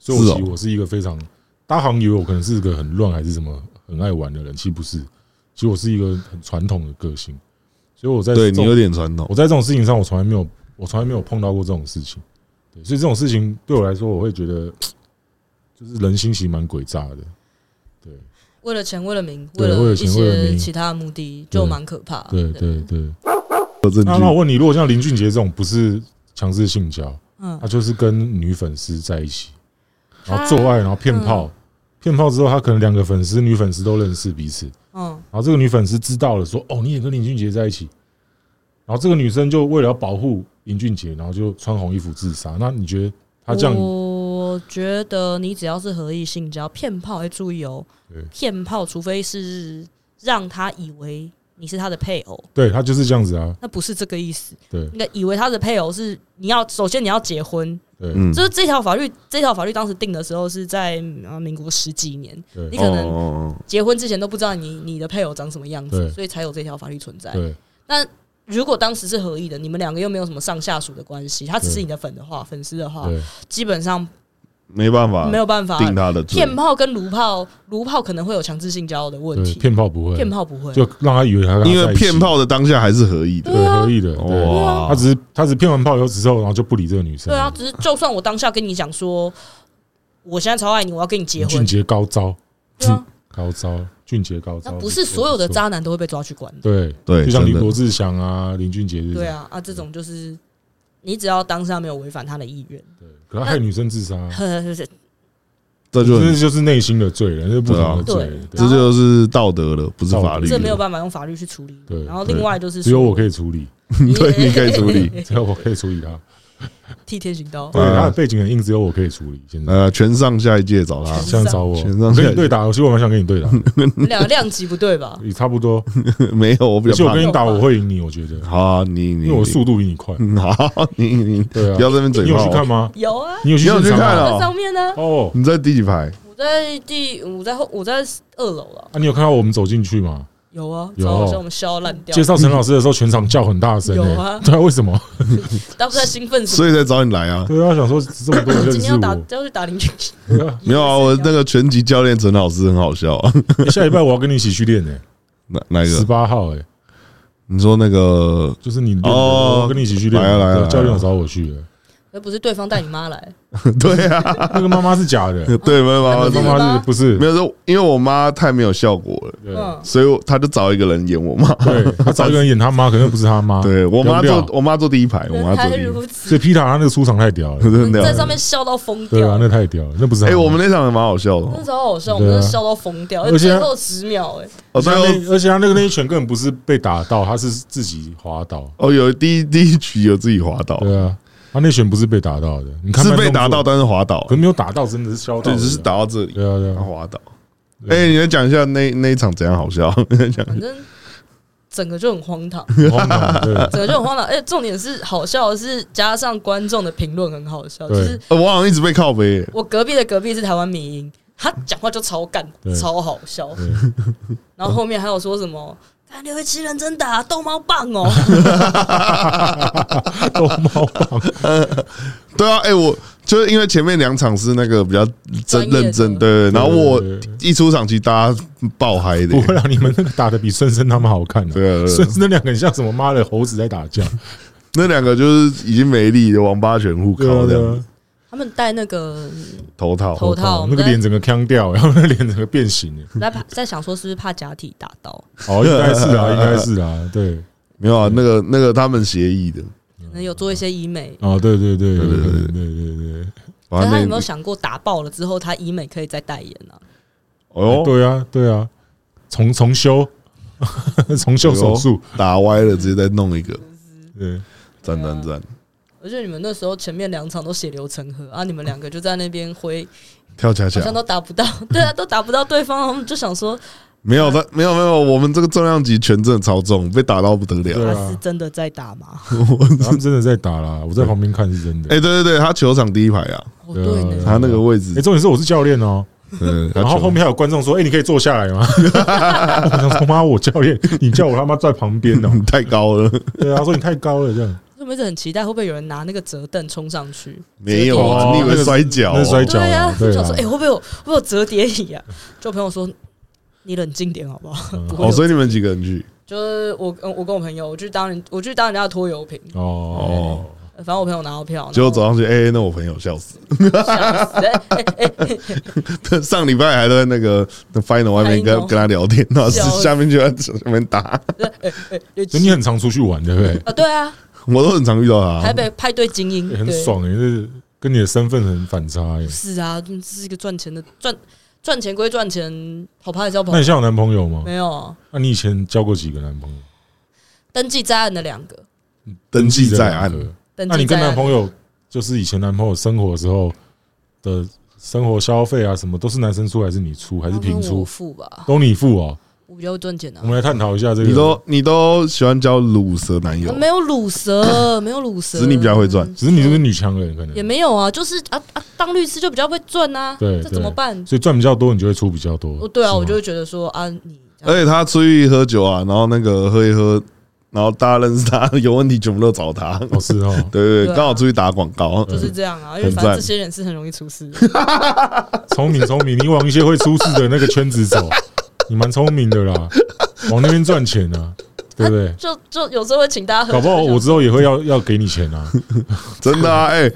所以我其實我是一個非常、哦、大家以為我可能是個很亂還是什麼很愛玩的人，其實不是，其實我是一個很傳統的個性，所以我在對你有點傳統。我在這種事情上，我從來沒有。我從來沒有碰到過這種事情，對，所以這種事情對我來說，我會覺得就是人心情蠻詭詐的，對，對。為了錢，為了名，為了為了一些其他目的，就蠻可怕。對對對。那我問你，如果像林俊傑這種不是強制性交，嗯，他就是跟女粉絲在一起，然後做愛，然後騙炮，騙炮之後，他可能兩個粉絲、女粉絲都認識彼此，嗯，然後這個女粉絲知道了，說：“哦，你也跟林俊傑在一起。”然後這個女生就為了要保護林俊杰，然後就穿紅衣服自殺。那你覺得她這樣？我覺得你只要是合意性，只要騙炮要注意哦。騙炮，除非是讓他以為你是他的配偶。對他就是這樣子啊。那不是這個意思。對。那以為他的配偶是你要，首先你要結婚。嗯。就是這條法律，這條法律當時定的時候是在啊民國十幾年對。你可能結婚之前都不知道你你的配偶長什麼樣子，所以才有這條法律存在。對。那。如果當時是合意的，你們兩個又沒有什麼上下屬的關係，他只是你的粉的話，粉絲的話，基本上沒辦法，沒有辦法定他的罪。騙炮跟盧炮，盧炮可能會有強制性交的問題，騙炮不會，騙炮不會，就讓他以為他，他因為騙炮的當下還是合意的，對對合意的，哇、啊，他只是他只騙完炮以後之後，然後就不理這個女生。對啊，只是就算我當下跟你講說，我現在超愛你，我要跟你結婚，絕高招。對啊高招，俊傑高招，那不是所有的渣男都會被抓去關的？對對，就像林國志祥啊，林俊傑對啊啊，這種就是你只要當下沒有違反他的意願，對，可他害女生自殺，呵呵、 [laughs] 就是，就是就是內心的罪了，這不好的罪。德，這就是道德了，不是法律，這沒有辦法用法律去處理。對，然後另外就是只有我可以處理， [laughs] 對，你可以處理， [laughs] 只有我可以處理他。替天行道，對，他的背景很硬，只有我可以處理。現在呃，全上下一屆找他，想找我，全上可以對打。我希望想跟你對打。你們兩量級不對吧？也差不多， [laughs] 沒有。我比較怕。我跟你打，我會贏你，我覺得。 [laughs] 好、啊，你你因為我速度比你快。 [laughs] 好、啊，你你對，啊，不要在這邊嘴巴。你有去看嗎？ [laughs] 有啊，你有去？要去看了。上面呢？哦，oh, 你在第幾排？我在第，我在後，我在二樓了。啊，你有看到我們走進去嗎？有啊有啊，我們笑爛掉、啊。介紹陳老師的時候，全場叫很大聲、欸。有啊，對啊，為什麼？ [laughs] 當時在興奮，所以才找你來啊。對啊，想說這麼多人， [coughs] 今天要打，是我要去打林俊傑。沒有啊，我那個拳擊教練陳老師很好笑，、啊 [laughs] 欸。下禮拜我要跟你一起去練呢、欸。哪哪一個？十八號誒、欸。你說那個，就是你的哦，我跟你一起去練啊，來啊，教練找我去。而不是對方帶你媽來， [laughs] 對啊，那個媽媽是假的，對，啊、對沒有媽媽，媽媽是不是，媽媽媽是，不是沒有說？因為我媽太沒有效果了，嗯，所以她就找一個人演我媽，對，她找一個人演她媽，可能不是她媽， [laughs] 對，我媽坐我媽坐第一排，我媽坐，所以皮特他那個出場太屌了，真 [laughs] 的在上面笑到瘋掉、 [laughs] 啊，那太屌了，那不是哎、欸，我們那場也蠻好笑的，那 [laughs] 場、啊、好笑，啊、我們都笑到瘋掉，而且最、啊欸、後十秒、欸，而且、啊哦、而且他、啊、那個那一拳根本不是被打到，他 [laughs] 是自己滑倒，哦，有第一第一局有自己滑倒，對啊。他、啊、那選不是被打到的你看，是被打到，但是滑倒，可是沒有打到，真的是削到，對，只、就是打到這裡，對啊，對，啊，啊滑倒。哎、啊啊欸，你來講一下那那一場怎樣好笑？你來講反正整個就很荒唐，整個就很荒唐。哎、 [laughs] 欸，重點是好笑的是加上觀眾的評論很好笑、就是，我好像一直被靠北。我隔壁的隔壁是台灣民營，他講話就超幹，超好笑。然後後面還有說什麼？你會吃人真打逗貓棒哦，逗 [laughs] 貓貓棒， [laughs] 對啊，哎、欸，我就是因為前面兩場是那個比較認真認真，對，然後我一出場就大家爆嗨的對對對對，不會讓你們那個打得比孫生他們好看、啊，對，對，對，孫生那兩個很像什麼媽的猴子在打架， [laughs] 那兩個就是已經沒力的王八拳互靠這他們戴那個頭套，頭套，頭套，那個臉整個腔掉，然後臉整個變形、欸。在在想說是不是怕假體打到？哦，應該是啊，應該是啊。對，沒有啊，那個那個他們協議的、嗯，有做一些醫美啊、嗯哦。對對對對對對對對。那他有沒有想過打爆了之後，他醫美可以再代言呢、啊？哦，對啊，對啊，重重、啊、修，重 [laughs] 修手術，打歪了直接再弄一個。嗯、對，贊贊贊。對啊，讚讚。而且你們那時候前面兩場都血流成河啊，你們兩個就在那邊揮，跳起來、起來好像都打不到，對啊，都打不到對方， [laughs] 就想說沒有他沒有沒有，我們這個重量級拳真的超重，被打到不得了。他是真的在打嗎？我是真的在打啦，我在旁邊看是真的。哎，對對對，他球場第一排啊，對，對，對，他那個位置。哎、欸，重點是我是教練哦、喔，嗯，然後後面還有觀眾說，哎、 [laughs] 欸，你可以坐下來嗎？他 [laughs] 說，媽，我教練，你叫我他媽在旁邊哦、喔，你太高了。對他說你太高了這樣。我們就很期待，會不會有人拿那個折凳衝上去？沒有啊，哦、你以為摔角，摔角。對呀、啊，就想說，哎、欸，會不會有，不會有折疊椅啊？就朋友說，你冷靜點好不好？我、嗯哦、所以你們幾個人去。就是我，我跟我朋友，我去當人，我去當人家的拖油瓶。哦。反正我朋友拿到票，後結果走上去，哎、欸，那我朋友笑死。了。欸欸欸、 [laughs] 上禮拜還在那個那 final 外面跟跟他聊天，然後是下面就在下面打。所以、欸欸、你很常出去玩，對不對？啊，對啊。我都很常遇到啊，台北派對精英，欸、很爽哎、欸，這跟你的身份很反差耶、欸。是啊，是一個賺錢的賺賺錢歸賺錢，好怕也交朋友。那你像有男朋友嗎？沒有、啊。那、啊、你以前交過幾個男朋友？登記在案的兩個。登記在案。那你跟男朋友就是以前男朋友生活的時候的生活消費啊什麼，都是男生出還是你出、啊、還是平出？都、啊、你付吧。都你付哦、啊。我比較會賺錢的、啊。我們來探討一下這個。你都你都喜歡交魯蛇男友、啊？沒有魯蛇，沒有魯蛇。只是你比較會賺、嗯，只是你就是個女強人可能、嗯。也沒有啊，就是啊啊，當律師就比較會賺吶、啊。對，這怎麼辦？所以賺比較多，你就會出比較多。對啊，我就會覺得說啊，你啊。而且他出去喝酒啊，然後那個喝一喝，然後大家認識他，有問題全部都找他、哦。是哦，對 [laughs] 對對，剛好出去打廣告，就是這樣啊。因為反正這些人是很容易出事。聰 [laughs] 明聰明，你往一些會出事的那個圈子走。你蠻聰明的啦，往那邊賺錢啊，對不對？就就有時候會請大家喝。搞不好我之後也會要要給你錢啊！ [laughs] 真的啊，哎、欸、哎，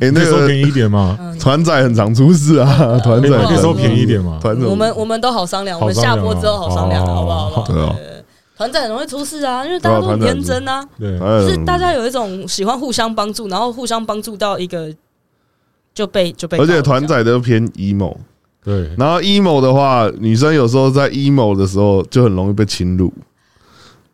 欸、那候、個便，嗯嗯、便宜一點嘛。團仔很常出事啊，團仔你說便宜一點嘛。團仔，我們我們都好商量，好商量、啊，我們下播之後好商量、哦、好不好？對團仔很容易出事啊，因為大家都很天真啊，是大家有一種喜歡互相幫助，然後互相幫助到一個就被就被，而且團仔都偏 emo。對，然後 emo 的話，女生有時候在 emo 的時候就很容易被侵入。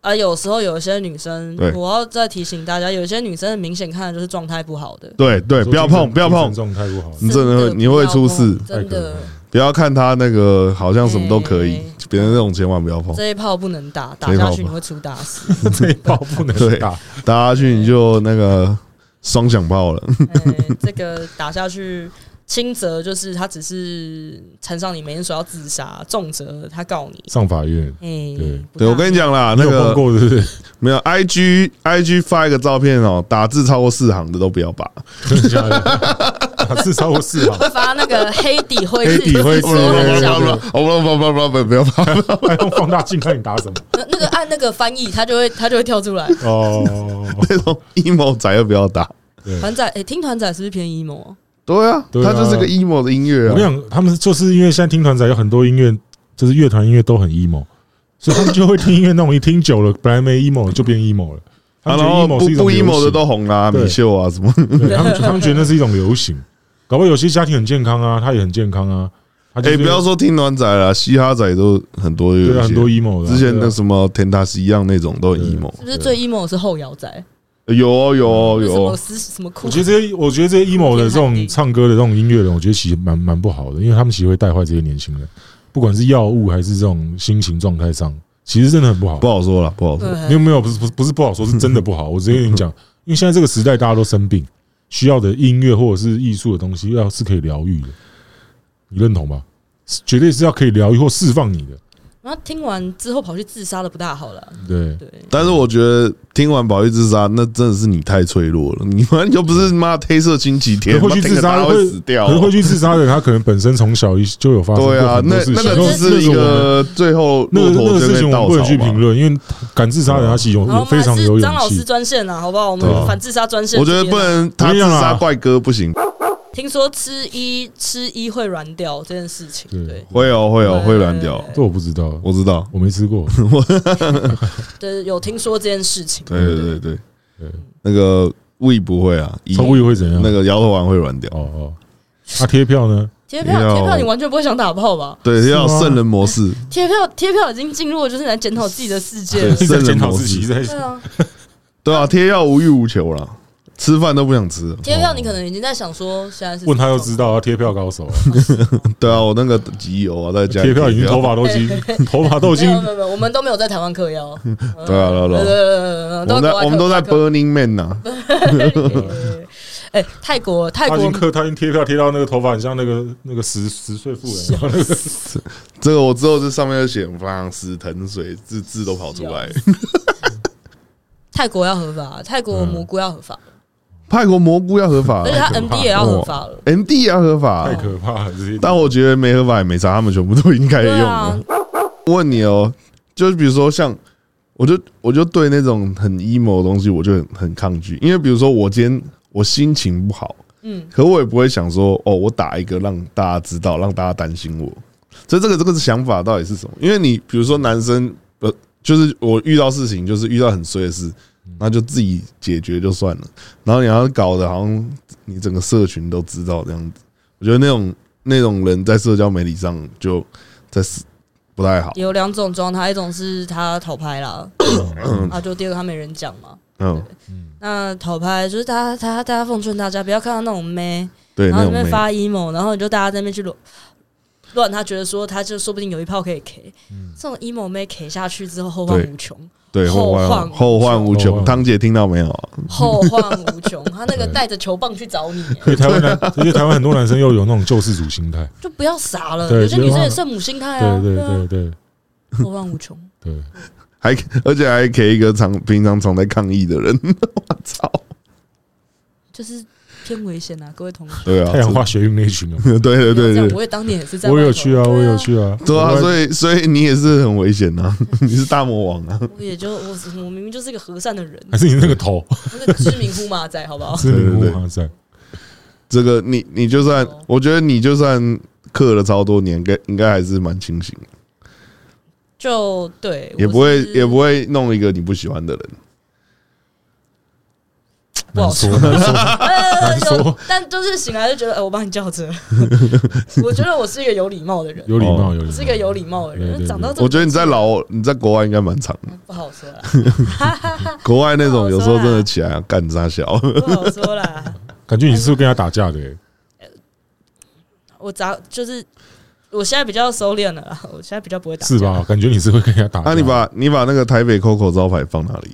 啊，有時候有一些女生，我要再提醒大家，有一些女生很明顯看的就是狀態不好的。對對，不要碰，不要碰，狀態不好是不是，你真的會，你會出事，真的。不要看他那個好像什麼都可以，欸、別人那種千萬不要碰。這一炮不能打，打下去你會出大事。這一炮不能打， [laughs] 能打，打下去你就那個雙響炮了、欸欸。這個打下去。輕則就是他只是纏上你，每天說要自殺；重則他告你上法院。哎、嗯，對，我跟你講啦，那個有是是沒有 IG，IG IG 發一個照片哦，打字超過四行的都不要打。 [laughs] 打字超過四行， [laughs] 發那個黑底灰字。不要不要不要不要不要不要不要用放大鏡看你打什麼 [laughs] 那。那個按那個翻譯，它就會它就會跳出來哦。Oh, [laughs] 那種 emo 仔又不要打。團仔哎，聽團仔是不是偏 emo 啊？對啊，對啊，他就是個 emo 的音樂啊！我跟你講，他們就是因為現在聽團仔有很多音樂，就是樂團音樂都很 emo，所以他們就會聽音樂，那種一聽久了，本來沒 emo 就變 emo 了。他們覺得 emo 是一，他們覺得那是一種流行，搞不好有些家庭很健康啊，他也很健康啊。他、欸、不要說聽團仔了，嘻哈仔都很多對，很多 emo、啊。之前那什麼田達西一樣那種都 emo。其實是，是最 emo 是後搖仔？有有有，有，我覺得這些，我覺得這些 emo 的這種唱歌的這種音樂人，我覺得其實蠻蠻不好的，因為他們其實會帶壞這些年輕人，不管是藥物還是這種心情狀態上，其實真的很不好。不好說了，不好說。沒有沒有，不是不不是不好說，是真的不好。 [laughs] 我直接跟你講，因為現在這個時代，大家都生病，需要的音樂或者是藝術的東西，要是可以療癒的，你認同嗎？絕對是要可以療癒或釋放你的。那、啊、聽完之後跑去自殺了，不大好了、啊對。對，但是我覺得聽完跑去自殺，那真的是你太脆弱了。你完全不是媽的黑色星期天，嗯、你會去自殺會死掉。可會，會去自殺的人，他可能本身從小就有發生過很多事情對啊，那那個是一個 [laughs] 最後路頭那個、那個、那個事情我們不會去評論、嗯，因為敢自殺的人他有是一種非常有勇氣。張老師專線啊，好不好？我們反自殺專線、啊，我覺得不能他自殺怪哥不行。聽說吃一吃一會軟掉這件事情，對，會哦，會哦、喔，會軟、喔、掉對對對。這我不知道，我知道，我沒吃過。 [laughs] 對，有聽說這件事情。對對對對對,對,對，那個胃不會啊，腸胃會怎樣？那個搖頭丸會軟掉。哦哦，貼、啊、票呢？貼票貼票，貼票貼票你完全不會想打炮吧？對，要聖人模式。貼票貼票已經進入，就是來檢討自己的世界了。聖 [laughs] 人模式對啊，對啊，貼票無欲無求了。吃飯都不想吃貼票，你可能已經在想說現在是、哦、問他就知道啊，貼票高手。 [laughs] 對啊，我那個集郵啊，在家貼票,票已經頭髮都已經、欸欸、頭髮都已經、欸、沒有沒,有沒有我們都沒有在台灣嗑藥。對啊，對對、啊、對我,、嗯、我,我,我們都在 Burning Man 呢、啊 [laughs] 欸。泰國泰國嗑他已經貼票貼到那個頭髮很像那個那個十十歲婦人一樣、那個。這個我之後這上面就寫，我發死汗水、字字都跑出來。 [laughs] 泰國要合法、啊，泰國蘑菇要合法、啊。嗯泰國蘑菇要合法，對，他 MD 也要合法了，了、哦、MD 要合法，太可怕了。這些，但我覺得沒合法也沒差，他們全部都應該用、啊。問你哦，就是比如說像，我就我就對那種很 emo 的東西，我就很很抗拒。因為比如說我今天我心情不好，嗯，可我也不會想說哦，我打一個讓大家知道，讓大家擔心我。所以這個這個想法到底是什麼？因為你比如說男生，呃，就是我遇到事情，就是遇到很衰的事。那就自己解決就算了。然後你要搞得好像你整個社群都知道這樣子，我覺得那種那種人在社交媒體上就在不太好。有兩種狀態，一種是他偷拍啦，他、 [coughs] 啊、就第二個他沒人講嘛。哦、嗯，那偷拍就是他他大家奉勸大家不要看到那種妹，然後那邊發 emo，然後你就大家在那邊去裸。亂，他覺得說他就說不定有一炮可以 K，這種 emo 妹 K 下去之後後患無窮，對，後患後患無窮。湯姐聽到沒有、啊？後患無窮， [laughs] 他那個帶着球棒去找你、啊。對，因為台灣，男，而 [laughs] 且台灣很多男生又有那種救世主心態，就不要傻了。有些女生也聖母心態啊，對對，啊對對對，後患無窮。對，還而且還 K 一個常平常常在抗議的人，我 [laughs] 操，就是。真危險吶、啊，各位同學。對啊，這個、太陽化學用那一群的 [laughs] 對對對，對我也當年也是這樣。我有去啊，啊，我有去啊。對啊， [laughs] 所以所以你也是很危險吶、啊， [laughs] 你是大魔王啊。我也就我我明明就是一個和善的人。還是你那個頭。 [laughs] 那個知名呼馬仔，好不好？知名呼馬仔。對對對，這個你你就算、哦，我覺得你就算刻了超多，多年，該應該還是蠻清醒，就對。也不會也不會弄一個你不喜歡的人。不好說。但就，但就是醒來就覺得，呃、欸，我幫你叫車。 [laughs] 我覺得我是一個有禮貌的人，有禮貌，有禮貌是一個有禮貌的人對對對。我覺得你在老你在國外應該蠻長的。不好說啦， [laughs] 國外那種有時候真的起來幹、啊、扎小。不好說啦， [laughs] 感覺你是不是跟他打架的、欸嗯？我咋就是？我現在比較收斂了啦，我現在比較不會打架。是吧？感覺你是會跟人家打架。那、啊、你把你把那個台北 COCO 招牌放哪裡？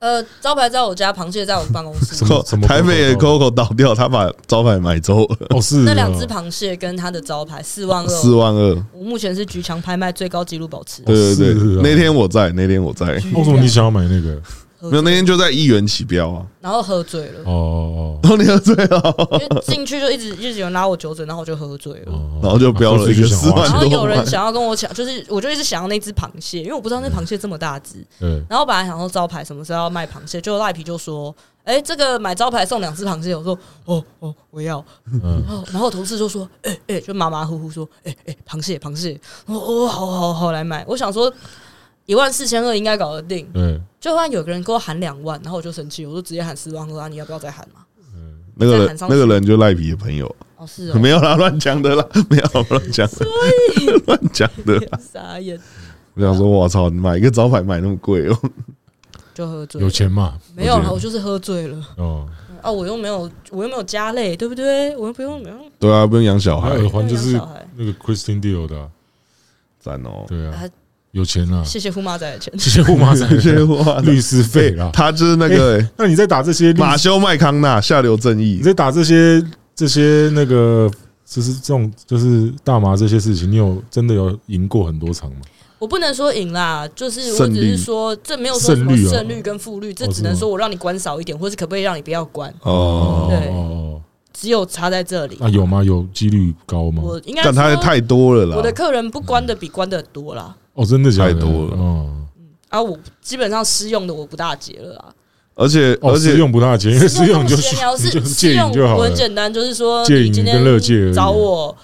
呃，招牌在我家，螃蟹在我辦公室。 [laughs] 台北的 Coco 倒掉，他把招牌買走了。哦，是那兩只螃蟹跟他的招牌四萬二，四萬二。我目前是局強拍賣最高紀錄保持的。對對對，那天我在，那天我在。為什麼你想要買那個？沒有，那天就在一元起標啊，然後喝醉了，oh, oh, oh. 哦，然後你喝醉了， [laughs] 因為進去就一直一直有人拉我酒醉，然後我就喝醉了，oh, oh, oh. 然後就標了一個四萬多塊。啊。然後有人想要跟我搶，就是我就一直想要那只螃蟹，因為我不知道那隻螃蟹這麼大只，嗯。嗯，然後本來想說招牌，什麼時候要賣螃蟹？就賴皮就說：“哎、欸，這個買招牌送兩只螃蟹。”我說：“哦哦，我要。嗯”嗯，然後同事就說：“哎、欸、哎、欸，就馬馬虎虎說：‘哎、欸、哎、欸，螃蟹螃蟹，我哦，哦好，好好好來買。’我想說。”一萬四千二應該搞得定，嗯，就算然有個人給我喊兩萬，然後我就生氣，我就直接喊十萬，說啊，你要不要再喊嘛、啊？那、嗯、個那個人就賴皮的朋友哦，是哦，沒有啦，亂講的啦，沒有亂講，的 [laughs] 所對亂講的，傻眼。我想說，我、啊、操，你買一個招牌買那麼貴哦、喔，就喝醉了，有錢嘛？沒有，我就是喝醉了哦、啊。我又沒有，我又沒有家累，對不對？我又不用，不用，對啊，不用養小,小孩，耳環就是那個 Christian Dior 的、啊，讚哦，對啊。啊有錢了，啊，謝謝付馬仔的錢，謝謝付馬仔的錢 [laughs] ，律師費啦。他就是那個、欸，欸，那你在打這些馬修麥康納下流正義，你在打這些這些那個，就是這種就是大麻這些事情，你有真的有贏過很多場嗎？我不能說贏啦，就是我只是說這沒有說勝率，勝率跟負率，這只能說我讓你關少一點，或是可不可以讓你不要關哦？對，只有差在這裡。那有嗎？有幾率高嗎？我應該，但他的太多了啦。我的客人不關的比關的很多啦。哦，真的，的太多了。嗯、哦，啊，我基本上私用的我不大接了啊。而且，哦、而且私用不大接，因為私用就，是、是你就，借銀就私用就好。很簡單，就是說，你今天找我借銀跟而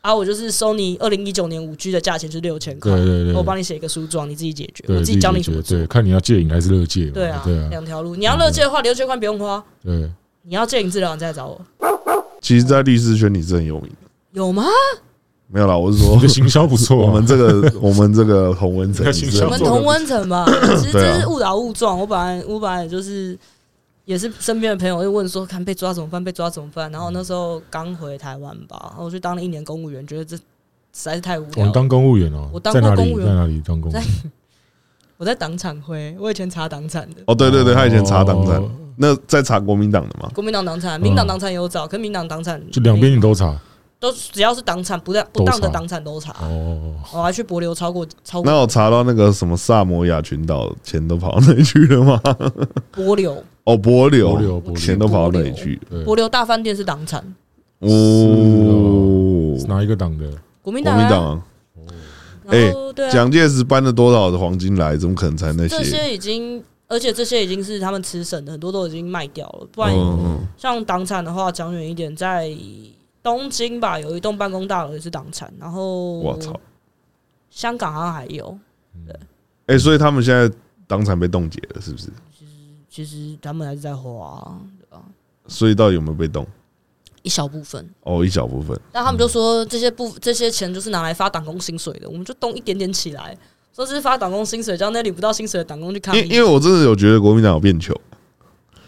啊，我就是收你二零一九年五 G 的價錢就是六千塊，對對對，我幫你寫一個訴狀，你自己解決，我自己教你怎麼做。看你要借影還是樂借？對啊，兩條、啊啊、路。你要樂借的話，六千塊不用花。對，你要借影治療，你再找我。其實，在律師圈你是很有名。有嗎？沒有啦，我是說，行銷不錯。我們這個， [laughs] 我,們這個、 [laughs] 我們這個同溫層，我們同溫層吧，其實就是誤打誤撞。我本來，我本來就是也是身邊的朋友就問說，看被抓怎麼辦？被抓怎麼辦？然後那時候剛回台灣吧然，然後我去當了一年公務員，覺得這實在是太無聊了。我們當公務員哦，我當過公務員，在哪裡,在哪裡當公務員？我在黨產會，我以前查黨產的。哦，對對對，他以前查黨產哦哦哦哦哦，那在查國民黨的嘛？國民黨黨產、民黨黨產也有找，嗯、可是民黨黨產就兩邊你都查。都只要是黨產，不當不當的黨產都查,都查。哦，我、哦、還去帛琉超過超過。那我查到那個什麼薩摩亞群島錢都跑哪裡去了嗎？帛琉哦，帛琉錢都跑到哪裡去？帛琉大飯店是黨產。哦，一是黨哦是是是哪一個黨的？國民黨、啊。哎、啊哦欸，對、啊，蔣介石搬了多少的黃金來？怎麼可能才那些？這些已經，而且這些已經是他們吃剩的，很多都已經賣掉了。不然嗯嗯嗯像黨產的話，講遠一點，在。東京吧，有一棟辦公大樓也是黨產，然後我操，香港好像還有，對，哎、欸，所以他們現在黨產被凍結了，是不是？其實其實他們還是在花、啊，對吧？所以到底有沒有被凍？一小部分哦，一小部分。那他們就說這些不這些錢就是拿來發黨工薪水的，我們就凍一點點起來，說是發黨工薪水，叫那領不到薪水的黨工去抗議。因為我真的有覺得國民黨有變窮。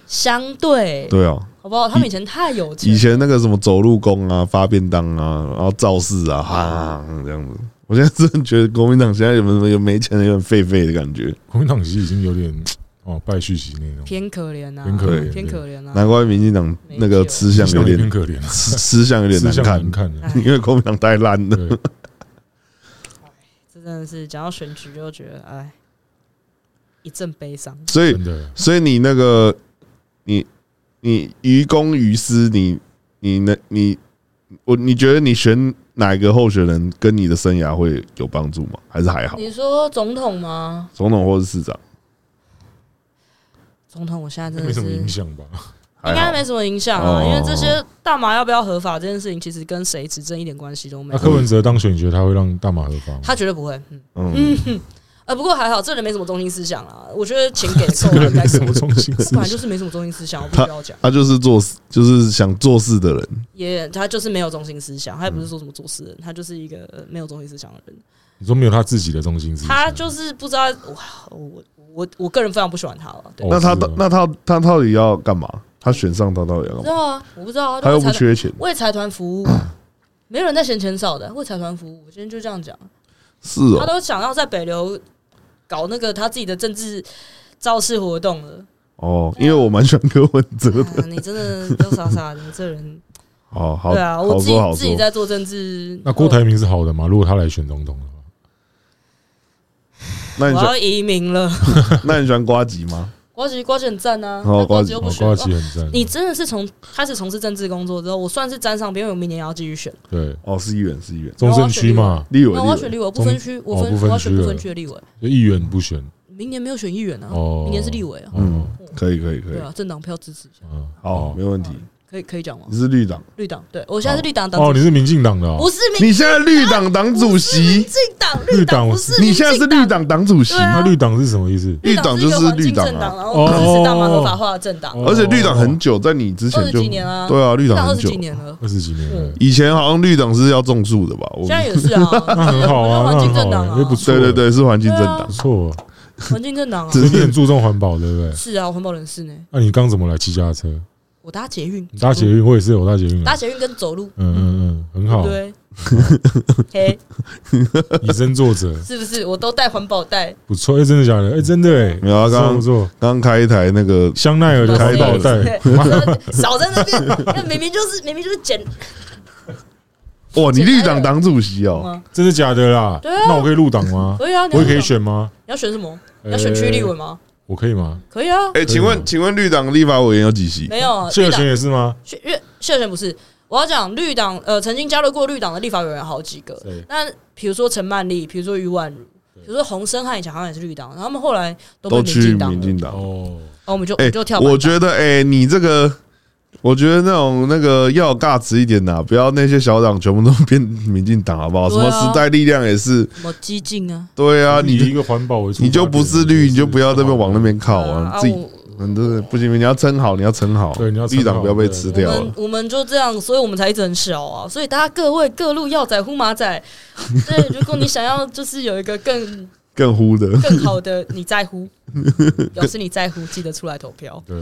相對對啊、哦，好不好？他們以前太有錢，以前那個什麼走路工啊，發便當啊，然後造勢啊，哈,哈,哈這樣子。我現在真的覺得國民黨現在有沒有有沒錢的，有點廢廢的感覺。國民黨其實已經有點哦敗絮其中，偏可憐啊，偏可憐、啊，偏可憐啊。難怪民進黨那個吃相有,有點偏可、啊、吃相有點難看， [laughs] 看因為國民黨太爛了對。 [laughs] 對這真的是講到選舉就覺得唉，一陣悲傷。所以，所以你那個。 [laughs] 你你於公於私，你你能你，你我你覺得你選哪個候選人跟你的生涯會有幫助嗎？還是還好？你說總統嗎？總統或是市長？總統我現在真的是沒什麼影響吧？應該沒什麼影響啊、哦，因為這些大麻要不要合法這件事情，其實跟誰執政一點關係都沒有。那、啊、柯文哲當選，你覺得他會讓大麻合法嗎？他絕對不會。嗯。嗯 [laughs] 呃、啊，不過還好，這個、人沒什麼中心思想啊。我覺得錢給錯 [laughs] 人，該什麼中心思想，他本來就是沒什麼中心思想。我不需要講。他就是做事，就是想做事的人。耶、yeah，他就是沒有中心思想，他也不是說什麼做事人、嗯，他就是一個沒有中心思想的人。你說沒有他自己的中心思想，他就是不知道。我我我、我、我個人非常不喜歡他了。那他、啊、那他他、他到底要幹嘛？他選上他到底要幹嘛？知道啊，我不知道啊。他又不缺錢，為財團服務， [laughs] 沒有人在嫌錢少的，為財團服務。我今天就這樣講。是哦。他都想要在北流。搞那個他自己的政治造勢活動了。哦，因為我蠻喜歡柯文哲的。啊、你真的都傻傻的， [laughs] 這人。好、哦、好。對啊，我自己好說好說自己在做政治。那郭台銘是好的嗎？ [laughs] 如果他來選總統的話，那你要移民了。 [laughs] 那你喜歡呱吉嗎？呱吉呱吉很贊啊！呱、哦、吉又不選，你真的是從開始從事政治工作之後，我算是沾上邊，因為我明年也要繼續選。對，哦，是議員，是議員，中分區嘛立，立委，立委，我要選立委，不分區、哦，我分，我要選不分區的立委，議員不選。明年沒有選議員啊，哦，明年是立委啊、嗯嗯，嗯，可以，可以，可以啊，政黨票支持一下，嗯、哦，好、哦哦，沒問題。哦可以可以講嗎？你是綠黨，綠黨，對，我現在是綠黨黨、啊。哦，你是民進黨的、哦，不是民進黨？你現在綠黨黨主席。民進黨，綠黨，你現在是綠黨黨主席。那綠黨是、啊、是什麼意思？綠黨就是綠黨、啊，然後是大麻合法化的政黨、喔喔。而且綠黨很久，在你之前就幾年啊，對啊，綠黨二十幾年了，二十幾年以前好像綠黨是要種樹的吧我覺得？現在也是啊， [laughs] 那很好啊，環境政黨啊，那很好不、欸、對對對，是環境政黨，錯、啊，環 [laughs] 境政黨啊，你很注重環保，對不、啊、對？是啊，環保人士呢？那、啊、你剛怎麼來騎家車？我搭捷運，搭捷運我也是我搭捷運，搭捷運跟走路，嗯嗯嗯，很好，對，以、 [laughs] hey. 身作則，是不是？我都帶環保袋，不錯，哎、欸，真的假的？哎、欸，真的，哎、啊，苗哥剛剛說剛開一台那個香奈兒的環保袋， [laughs] [laughs] 少在那邊，那明明就是明明就是撿，哇，你綠黨黨主席哦、喔，真的假的啦？對啊，那我可以入黨嗎？啊、黨可以啊，我也可以選嗎？你要選什麼？欸、你要選區立委嗎？我可以嗎？可以啊。哎、欸，請問，請問綠黨立法委員有幾席？沒有，謝永權也是嗎？謝謝永權不是。我要講綠黨，呃，曾經加入過綠黨的立法委員好幾個。那比如說陳曼麗，比如說余宛如，比如說洪申翰以前好像也是綠黨，然後他們後來都民進黨都去民進黨。哦，哦，我們就哎，欸、我們就跳。我覺得，哎、欸，你這個。我覺得那種那個要有尬值一點吶、啊，不要那些小黨全部都變民進黨好不好、啊？什麼時代力量也是，什麼激進啊？對啊，你一個環保，你就不自律，你就不要這邊往那邊靠啊！你自己嗯，對、啊就是，不行，你要撐好，你要撐好，對，你要綠黨不要被吃掉了。對對對我。我們就這樣，所以我們才一直很小啊。所以大家各位各路要仔呼馬仔，對，如果你想要就是有一個更更呼的更好的，你在乎，要 [laughs] 是你在乎，記得出來投票。對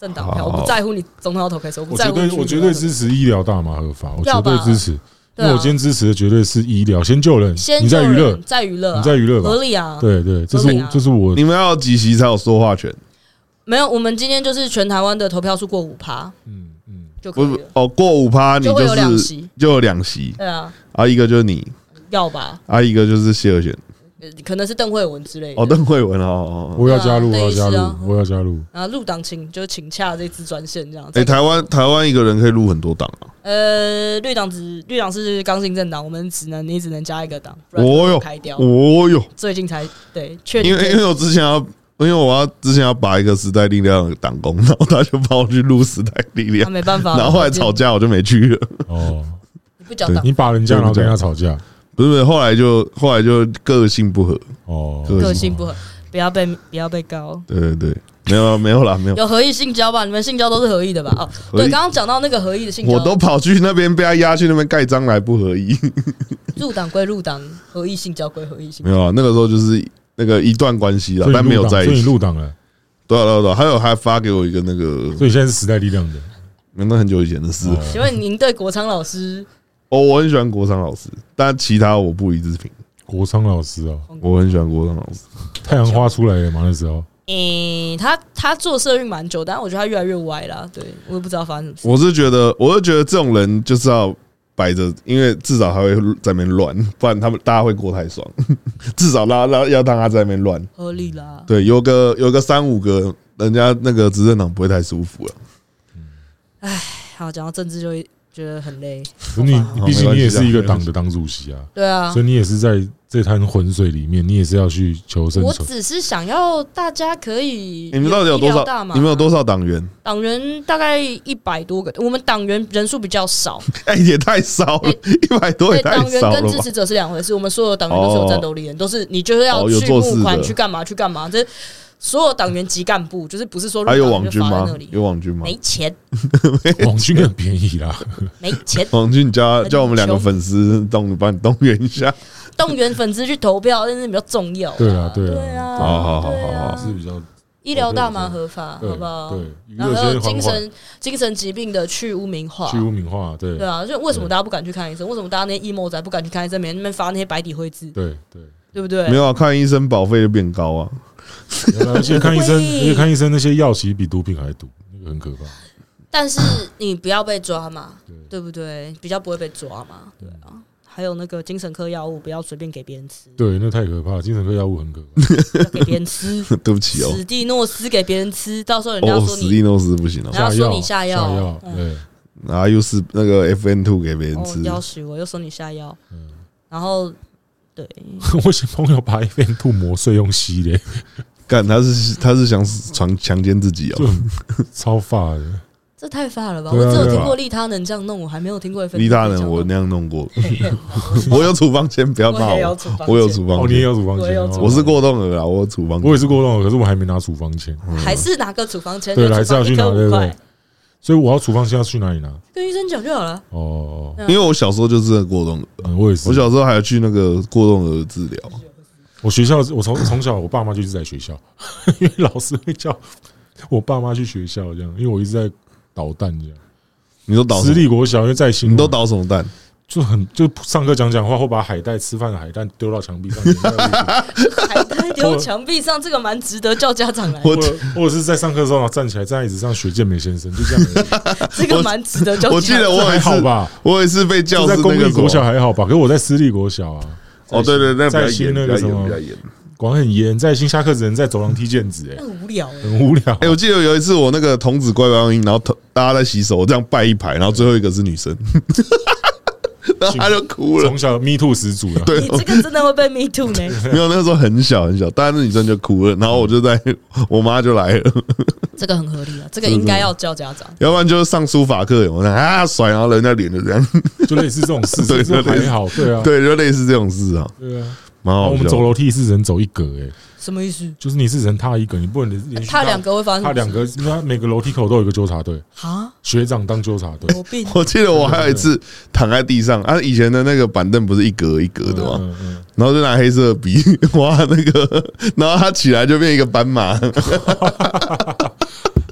政黨票好好，我不在乎你總統要投給誰，我不在乎。我絕對，絕對支持醫療大麻合法，我絕對支持。啊、因為我今天支持的絕對是醫療，先救人，先在娛樂，娛樂，你在娛樂、啊、合理啊？對對，對，這是我、啊，這是我。你們要幾席才有說話權？沒有，我們今天就是全台灣的投票數過五趴，嗯嗯，就可以哦，過五趴你就是就有，就有兩席，對啊，啊一個就是你要吧，啊一個就是謝和弦。可能是鄧惠文之類的哦。哦，鄧惠文哦哦，我要加入，我要加入，我要加入。然後入黨請就請洽這支專線這樣。子誒、欸，台灣台灣一個人可以入很多黨啊。呃，綠黨只綠黨是剛性政黨，我們只能你只能加一個黨，不然開掉。哦喲，最近才對，因為因為我之前要，因為我要之前要拔一個時代力量黨工，然後他就幫我去入時代力量，他沒辦法、啊。然後後來吵架，我就沒去了。哦， [laughs] 你不講你拔人家，然後跟人家吵架。不是，不是，後來就後來就個性不合哦，個性不合，個性不合，不要被不要被告。對對對，沒有、啊、沒有了沒有。 [laughs] 有合意性交吧？你們性交都是合意的吧合議？哦，對，剛剛講到那個合意的性交，我都跑去那邊被他壓去那邊蓋章來不合意。 [laughs] 入黨歸入黨，合意性交歸合意性交。沒有，啊，那個時候就是那個一段關係了，但沒有在一起。入黨了，對對對，對，有還有他發給我一個那個，所以現在是時代力量的，那很久以前的事。啊、 [laughs] 請問您對國昌老師？哦、oh，我很喜歡國昌老師，但其他我不予置評。國昌老師啊，okay, 我很喜歡國昌老師。太陽花出來的嗎那時候啊、嗯，他他做社運蠻久，但我覺得他越來越歪啦。對我也不知道發生什麼事。我是覺得，我是覺得這種人就是要擺着，因為至少他會在那邊亂，不然他們大家會過太爽。呵呵至少拉拉要讓他在那邊亂，合理啦。對，有個有個三五個人，人家那個執政黨不會太舒服了、啊。嗯，哎，好，講到政治就。覺得很累，你畢竟你也是一個黨的黨主席啊，對啊，所以你也是在這灘渾水裡面，你也是要去求生存。我只是想要大家可以，你們到底有多少？你們有多少黨員？黨員大概一百多個，我們黨員人數比較少，哎、欸，也太少了，了、欸、一百多也太少了。欸、黨員跟支持者是兩回事，我們所有黨員都是有戰鬥力的、哦，都是你就是要去募款、哦、做去幹嘛、去幹嘛這。所有黨員及幹部，就是不是說在那裡還有網軍嗎？有網軍嗎？沒錢，網 [laughs] 軍很便宜啦。沒錢， [laughs] 網軍加叫我們兩個粉絲動幫你動員一下，動員粉絲去投票，但是比較重要、啊對啊對啊。對啊，對啊，對啊，好好好好，是比較醫療大麻合法，好不好？對，對然後有精神精神疾病的去污名化，去污名化，對對啊，就為什麼大家不敢去看醫生？為什麼大家那些 emo 仔不敢去看醫生？免得那邊發那些白底灰字，對對，對不對？沒有、啊、看醫生，保費就變高啊。 [laughs] 而且看醫生，而且看醫生那些藥其實比毒品還毒，那個很可怕。但是你不要被抓嘛， [laughs] 對不對？比較不會被抓嘛，對，對啊。還有那個精神科藥物，不要隨便給別人吃。對，那太可怕，精神科藥物很可怕，可怕可怕給別人吃。 [laughs] 對不起哦，史蒂諾斯給別人吃，到時候人家說你、哦、史蒂諾斯不行了、哦，然後說你下藥，下藥、嗯，對，然後又是那個 FM2 給別人吃，哦、要許我又說你下藥，嗯，然後。我請朋友把一片吐膜碎用吸的，幹他是他是想強強姦自己啊，超發的，這太發了吧！我只有聽過利他能這樣弄，我還沒有聽過利他能我那樣弄過。我有處方箋，不要罵我，我有處方，我有處方箋，我是過動的啊，我處方，我也是過動，可是我還沒拿處方箋，還是拿個處方箋，對，還是要去拿五塊。所以我要處方箋要去哪裡拿？跟醫生講就好了。哦、oh, oh,，oh, oh. 因為我小時候就是過動的、嗯，我也是。我小時候還要去那個過動的治療。我學校，我從從 [coughs] 小我爸媽就一直在學校， [laughs] 因為老師會叫我爸媽去學校這樣，因為我一直在搗蛋這樣。你都搗？私立國小又在新。你都搗什麼蛋？就很就上課講講話，或把海帶吃飯的海帶丟到牆壁上。海帶丟牆壁上， [laughs] 壁上這個蠻值得叫家長來的。或者是在上課的時候站起來站在椅子上學健美先生，就這樣 [laughs] 這個蠻值得叫家長。我記得我，我還好吧，我也是被叫在公立國，國小還好吧，可是我在私立國小啊。哦，對對對、那個，在新那個什麼管很嚴，在新下課只能在走廊踢毽子，哎、 [laughs] 欸，很無聊、啊，很無聊。哎，我記得有一次我那個童子乖乖音，然後大家在洗手，我這樣拜一排，然後最後一個是女生。然後他就哭了，從小 me too 始祖了。對、哦，你這個真的會被 me too 呢？ [laughs] 沒有，那個時候很小很小，但是女生就哭了，然後我就在我媽就來了。 [laughs] 這個很合理啊，這個應該要叫家長是不是？要不然，就是上書法課，我說啊甩，然後人家臉就這樣， [laughs] 就類似這種事。對，就，對啊，對，就類似這種事啊，對啊，蠻好。然後我們走樓梯是人走一格哎、欸。什麼意思？就是你是人他一個，你不能你他兩個會發生？他兩個，你看每個樓梯口都有一個糾察隊啊！學長當糾察隊，我記得我還有一次躺在地上，對對對對啊，以前的那個板凳不是一格一格的嘛，然後就拿黑色筆哇，那個，然後他起來就變一個斑馬。 [laughs] [laughs] [laughs]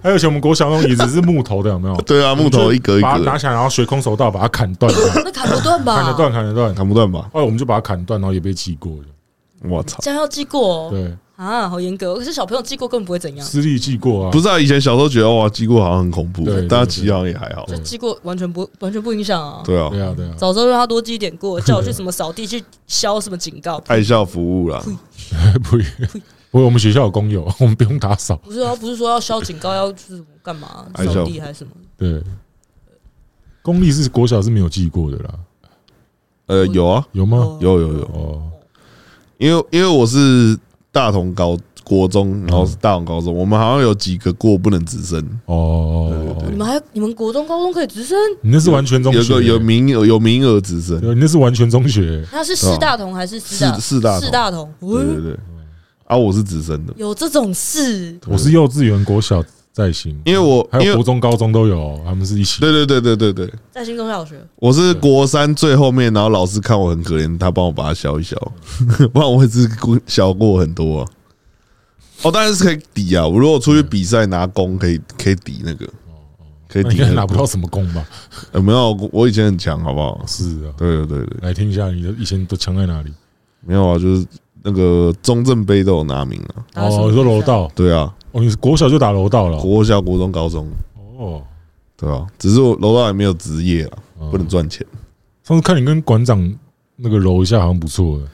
還有以前我們國小用椅子是木頭的，有沒有？ [laughs] 對啊，木頭一格一格，拿起來然後學空手道把它砍斷，那砍不斷吧？砍得斷，砍得斷，砍不斷吧？後來我們就把它砍斷 [laughs] [laughs] 斷了、 [laughs] 欸，然後也被記過了。我操，這樣要記過、哦，對。啊，好嚴格！可是小朋友記過根本不會怎樣。私立記過啊，不是啊。以前小時候覺得哇，記過好像很恐怖。對，但其實好像也還好對對對。就記過完全不完全不影響啊，對啊，對啊，對啊。對啊，對啊，對啊。早知道讓他多記一點過，叫我去什麼掃地去消什麼警告，愛校服務啦不。不不，我們學校有工友，我們不用打掃。不是啊，不是說要消警告，要什麼幹嘛掃地還是什麼？對。公立是國小是沒有記過的啦。呃，有啊，有嗎？哦、有有有，有哦，哦。因為因為我是。大同高國中，然後是大同高中、嗯。我們好像有幾個過不能直升哦，哦，哦，哦對對對。你們還你們國中高中可以直升？你那是完全中學有，有個有名額有名額直升有。你那是完全中學，那是市大同還是四大同四大四大同？大同大同嗯、對對對、嗯。啊，我是直升的，有這種事？我是幼稚園國小。 [laughs] 在新，因為我、嗯、因為還有國中、高中都有、哦，他們是一起。對對對對對對，對，在新中小學，我是國三最後面，然後老師看我很可憐，他幫我把它削一削，不然我會是過削過很多、啊。哦，當然是可以抵啊！我如果出去比賽拿功，可以可以抵那個，可以抵、那個哦、你應該拿不到什麼功吧？ [laughs] 呃，沒有，我以前很強，好不好？哦、是啊，對對對對，來聽一下你的以前都強在哪裡？沒有啊，就是那個中正杯都有拿名啊。哦，哦，你說柔道？對啊。哦、你是國小就打柔道了，哦？國小、國中、高中，哦，哦，對啊、哦，只是我柔道也沒有職業啊，哦哦不能賺錢。上次看你跟館長那個揉一下，好像不錯哎、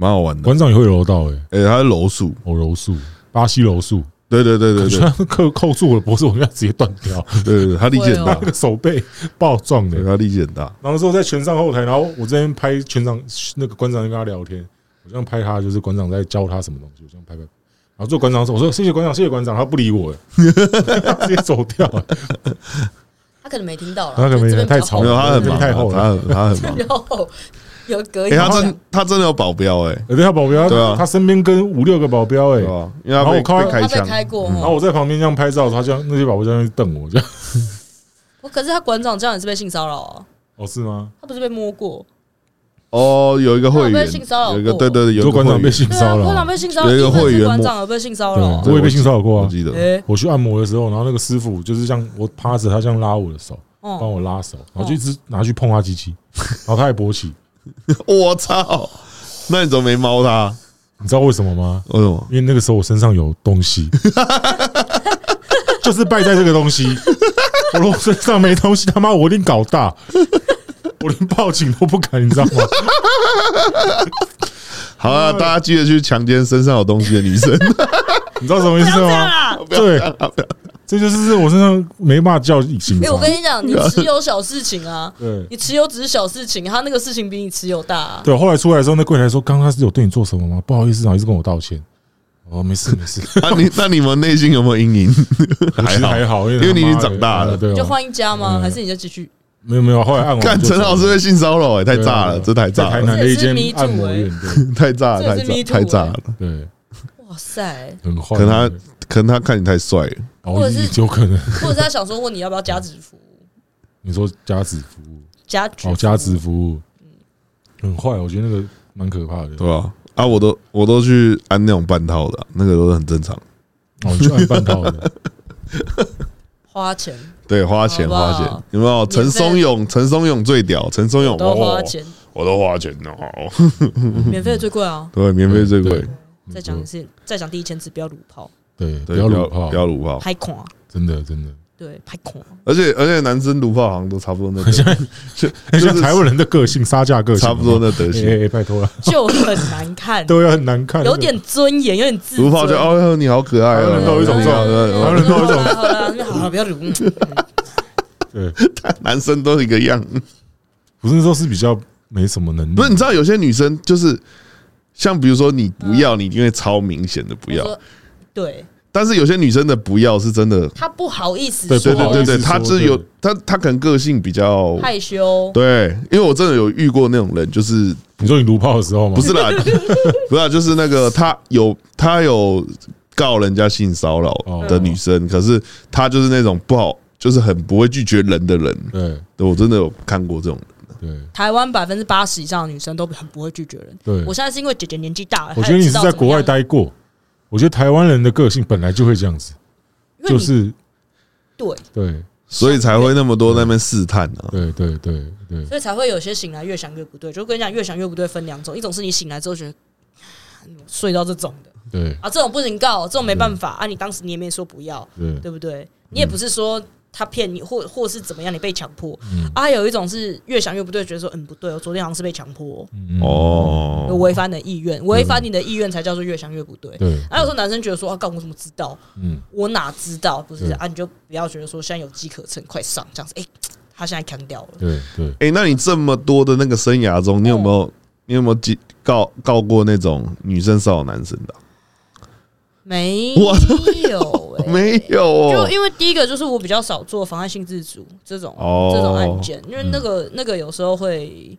欸，蠻好玩的。館長也會柔道哎。誒、欸、他是柔術，哦，柔術，巴西柔術，對對對對對，對。他扣扣住我的脖子，我現在直接斷掉。對，對對，他力氣很大，哦，那個手背爆撞的，他力氣很大。然後之後在拳場後台，然後我這邊拍拳場，那個館長就跟他聊天，我這樣拍他就是館長在教他什麼東西，我這樣拍拍。做、啊、館長，我說謝謝館長，謝謝館長，他不理我， [laughs] 直接走掉了他、啊。他可能沒聽到，他可能這邊太吵了他了太了，他很邊太他他很忙。有隔音，他真他,、欸、他,他真的有保鏢有、欸欸、保鏢他,、啊、他身邊跟五六個保鏢、欸啊、然後我靠他被開槍開、嗯嗯、然後我在旁邊這樣拍照，他就那些保鏢在那瞪我這樣。我可是他館長這樣也是被性騷擾、啊、哦？哦是嗎？他不是被摸過？哦、oh,，有一個會員被性騷擾，一個對對，有一個館長被性騷擾，館、啊、長被性騷擾，有一個會員館長被性騷擾，我也被性騷擾過，我記得,我記得。我去按摩的時候，然後那個師傅就是這樣，我趴着，他這樣拉我的手，幫、嗯、我拉手，然後就一直拿去碰他雞雞、嗯、然後他還勃起。我操！那你怎麼沒貓他？你知道為什麼嗎？為什麼？因為那個時候我身上有東西， [laughs] 就是敗在這個東西。 [laughs] 我說我身上沒東西，他媽我一定搞大。我連報警都不敢，你知道嗎？ [laughs] 好啊、 [laughs] 嗯，大家記得去強奸身上有東西的女生， [laughs] 你知道什麼意思嗎？啊、對,這、啊對這啊，這就是我身上沒辦法叫醒。有、欸，我跟你講，你持有小事情啊事情，對，你持有只是小事情，他那個事情比你持有大、啊。對，後來出來的時候，那櫃台說，剛剛是有對你做什麼嗎？不好意思、啊，不好意思，跟我道歉。哦，沒事沒事。 [laughs] 那你那你們內心有沒有陰影？還 [laughs] 還好，因為你已經長大了。對，你就換一家嗎？還是你就繼續？沒有沒有，後來按摩。看陳老師被性騷擾，哎，太炸了，對啊對啊，這太炸了 [laughs] 太炸了。在台南的一間按摩院，太炸了，太炸了，太炸了。對，哇塞，很壞、啊。可能他、欸、可能他看你太帥了，或者是有可能， [laughs] 或者是他想說問你要不要加值服務。你說加值服務，加值、哦、加值服務，嗯、很壞。我覺得那個蠻可怕的對、啊，對啊，啊，我都我都去按那種半套的、啊，那個都是很正常。哦，你去按半套的， [laughs] [laughs] 花錢。對，花錢好好花錢，有沒有？陳松勇，陳松勇最屌，陳松勇，我都花錢，哦、我都花錢哦。 [laughs] 免費的最貴哦、啊，對，免費最貴。再講一次，再講第一千次，不要擼炮。對，不要擼炮，不要擼炮，太狂，真的，真的。對，太恐怖，而且而且，而且男生擼泡好像都差不多那德、個、行，很像，就是、像台灣人的個性，殺價個性，差不多那德行。哎、欸欸欸欸，拜託了，就很難看， [laughs] 對、啊，很難看，有點尊嚴，有點自。擼泡就哦，你好可愛、哦，然後一種一種，好了好了，好好，啊好，啊好啊、不要擼 [laughs] 男生都是一個樣。不是說是比較沒什麼能力，不是你知道有些女生就是像比如說你不要，嗯、你因為超明顯的不要，對。但是有些女生的不要是真的，她不好意思。對對對對對，她是有她她可能個性比較害羞。對，因為我真的有遇過那種人，就是你說你擼炮的時候嗎？不是啦，不是啦，就是那個她有她有告人家性騷擾的女生，可是她就是那種不好，就是很不會拒絕人的人。對，我真的有看過這種。對，台灣百分之八十以上的女生都很不會拒絕人。對，我現在是因為姐姐年紀大了。我覺得你是在國外待過。我覺得台灣人的個性本來就會這樣子，就是對對，所以才會那麼多在那邊試探啊，對對對對，所以才會有些醒來越想越不對。就跟你講越想越不對分兩種，一種是你醒來之後覺得睡到這種的，對啊，這種不能、告、喔、這種沒辦法啊。你當時你也沒說不要，對不對？你也不是說。他騙你，或或是怎麼樣，你被強迫、嗯。啊，有一種是越想越不對，覺得說嗯不對，我昨天好像是被強迫、喔，哦、嗯，違反你的意願，違反你的意願才叫做越想越不對。對。對啊，有時候男生覺得說啊，告我怎麼知道？嗯，我哪知道？不是啊，你就不要覺得說現在有機可乘，快上這樣子。哎、欸，他現在 cancel 掉了。對對。哎、欸，那你這麼多的那個生涯中，你有沒有、嗯、你有沒有告告過那種女生騷擾男生的？沒有，沒有，就因為第一個就是我比較少做妨礙性自主這種、oh, 這種案件，因為那個、嗯、那個有時候會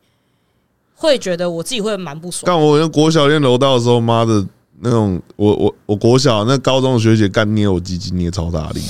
會覺得我自己會蠻不爽。但我，我跟國小練柔道的時候，媽的！那種我我我國小那高中的學姐幹捏我雞雞捏超大力，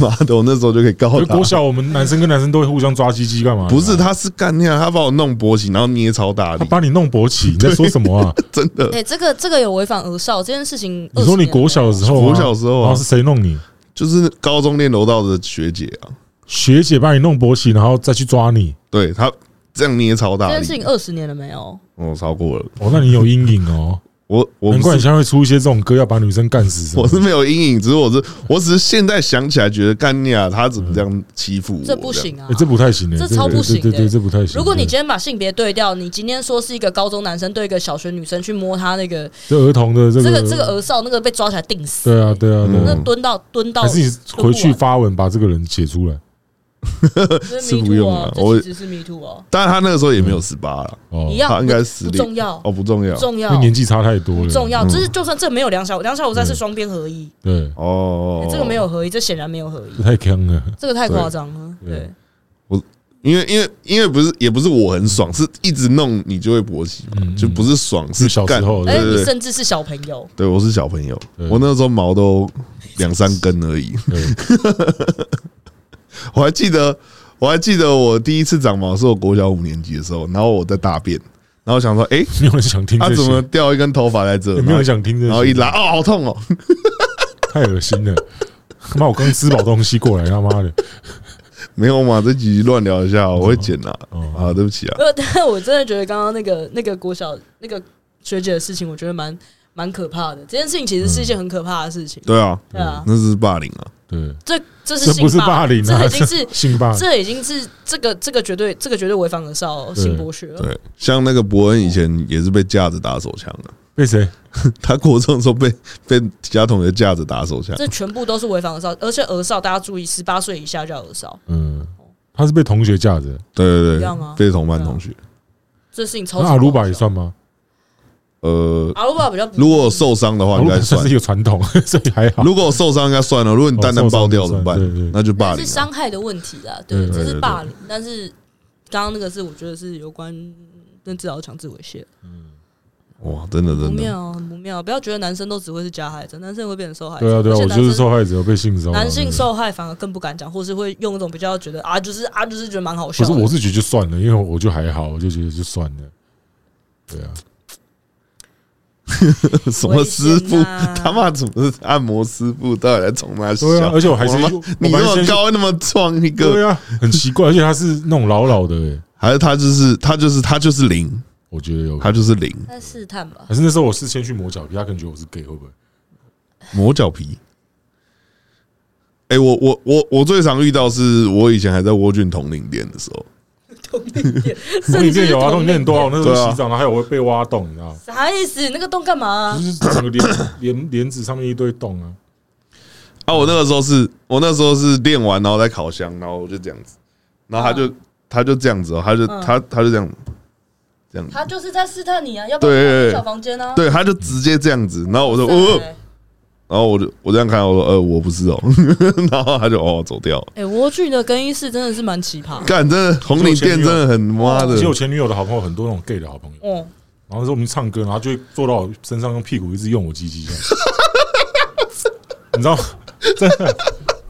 媽的，我那時候就可以告他國小，我們男生跟男生都會互相抓雞雞幹嘛？不是，他是幹捏，他把我弄勃起，然後捏超大力。他把你弄勃起，你在說什麼啊？真的？哎、欸，這個這個有違反兒少這件事情。你說你國小的時候、啊，國小的時候、啊、然後是誰弄你？就是高中練柔道的學姐啊，學姐把你弄勃起，然後再去抓你。對，他這樣捏超大力。這件事情二十年了沒有？哦，超過了哦，那你有陰影哦。我我們以前會出一些這種歌，要把女生幹死。我是沒有陰影，只是我是，我只是現在想起來，覺得幹尼亞他怎麼這樣欺負我這、嗯？這不行啊！欸、這不太行的、欸，這超不行的、欸對對對對，這不太行。如果你今天把性別對調，你今天說是一個高中男生對一個小學女生去摸他那個，這兒童的這個這個這個兒少，那個被抓起來定死、欸。對啊對啊，對啊、嗯對，那蹲到蹲到可是你回去發文把這個人解出來？ [laughs] 是，啊、是不用了、啊啊，我只是 me too 哦。但是，他那個時候也沒有十八了，哦、嗯，他應該十六。重要哦，不重要，不重要，年紀差太多了。重要、嗯，就是就算這沒有兩小兩小五三是雙邊合一，對，對、嗯、哦、欸，這個沒有合一，這顯然沒有合一，太坑了，這個太誇張了。對，對對我因為因為因為不是也不是我很爽，是一直弄你就會勃起嘛，就不是爽，嗯、是小時候對對對、欸，你甚至是小朋友。對我是小朋友，我那時候毛都兩三根而已。對 [laughs] 我還記得，我還記得我第一次長毛是我國小五年級的時候，然後我在大便，然後我想說，哎、欸，沒有人想聽，他怎麼掉一根頭髮在這有、欸、沒有人想聽，然後一拉，哦，好痛哦， [laughs] 太噁心了！他媽，我剛吃飽東西過來、啊，他 [laughs] 媽的，沒有嘛？這幾集亂聊一下，我會剪了、啊。哦，好、哦啊，對不起啊。呃，但我真的覺得剛剛那個那個國小那個學姐的事情，我覺得蠻蠻可怕的。這件事情其實是一件很可怕的事情、嗯對啊。對啊，對啊，那是霸凌啊。對，這。這，是這不是霸凌，啊，這已經是性霸，這已經是這個這個絕對這個絕對違反兒少性剝削了。對，像那個伯恩以前也是被架着打手槍的，哦，被誰？ [laughs] 他國中時候被被其他同學架着打手槍，這全部都是違反兒少，而且兒少大家注意，十八歲以下叫兒少。嗯，他是被同學架着，對對對，啊，被同班同學。啊，這是你操作。那阿魯巴也算嗎？呃，如果受傷的話應該算，算是一個傳統，所以還好。 [laughs] 如果我受傷應該算了。如果你蛋蛋爆掉怎麼辦？哦、對對對，那就霸凌。是傷害的問題啊，對，這是霸凌。對對對對，但是，剛剛那個是我覺得是有關跟至少強制猥褻。嗯，哇，真的真的不妙、哦，不妙、哦！不要覺得男生都只會是加害者，男生也會變成受害者。對啊對啊，我就是受害者被性騷擾，對對對對，男性受害反而更不敢講，或是會用一種比較覺得啊，就是啊，就是覺得蠻好笑。可是，我自己就算了，因為我就還好，我就覺得就算了。對啊。 [laughs] 什麼師傅、啊？他媽怎麼是按摩師傅？到底在從哪學？而且我還是你那麼高那麼壯一個，對、啊、很奇怪。而且他是那種老老的、欸，還是他就是他就是他,、就是、他就是零？我覺得有他就是零。在試探吧。還是那時候我是先去磨腳皮，他感覺我是 gay 會不會磨腳皮？哎、欸，我我我我最常遇到是，我以前還在沃郡統領店的時候。空 [laughs] 面天有 [laughs] 啊，洞裡面很多啊，那時候洗澡了、啊，還有會被挖洞，你知道？啥意思？那個洞幹嘛、啊？就是蓮蓮蓮子上面一堆洞啊！啊，我那個時候是我那個時候是練完，然後在烤箱，然後我就這樣子，然後他就、嗯、他就這樣子，哦。他就、嗯、他他、他就這樣、這樣子，這他就是在試探你啊，要不要去小房間呢、啊？對，他就直接這樣子，然後我說、欸、哦、然後我就我這樣看，我說呃我不知道、哦， [laughs] 然後他就哦走掉了。哎、欸，我去你的更衣室真的是蠻奇葩。幹，這紅領店真的很媽的。其實我前女友的好朋友很多那種 gay 的好朋友。哦。然後說我們唱歌，然後就坐到我身上用屁股一直用我雞雞。 [laughs] 你知道？真的。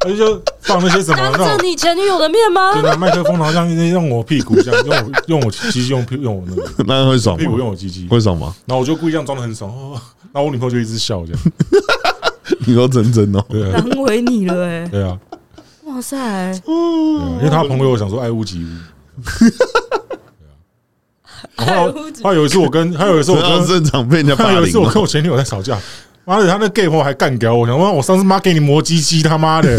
而 [laughs] 且就放那些什麼？當着你前女友的面嗎？對啊，那麥克風，然後像用我屁股這樣，用我用我雞雞，用屁用，用我那個，那會爽嗎？屁股用我雞雞會爽嗎？然後我就故意這樣裝的很爽，那、哦、我女朋友就一直笑這樣。 [laughs] 你說真真哦，難為你了哎、欸。對啊，哇塞，啊、因為他朋友我想說愛屋及烏。 [laughs] 對啊，他他有一次我跟他有一次我跟，我跟正常被人家霸凌、喔、他有一次我跟我前女友在吵架，媽的，他那 gay 婆還幹屌我，我想說我上次媽給你磨唧唧，他媽的。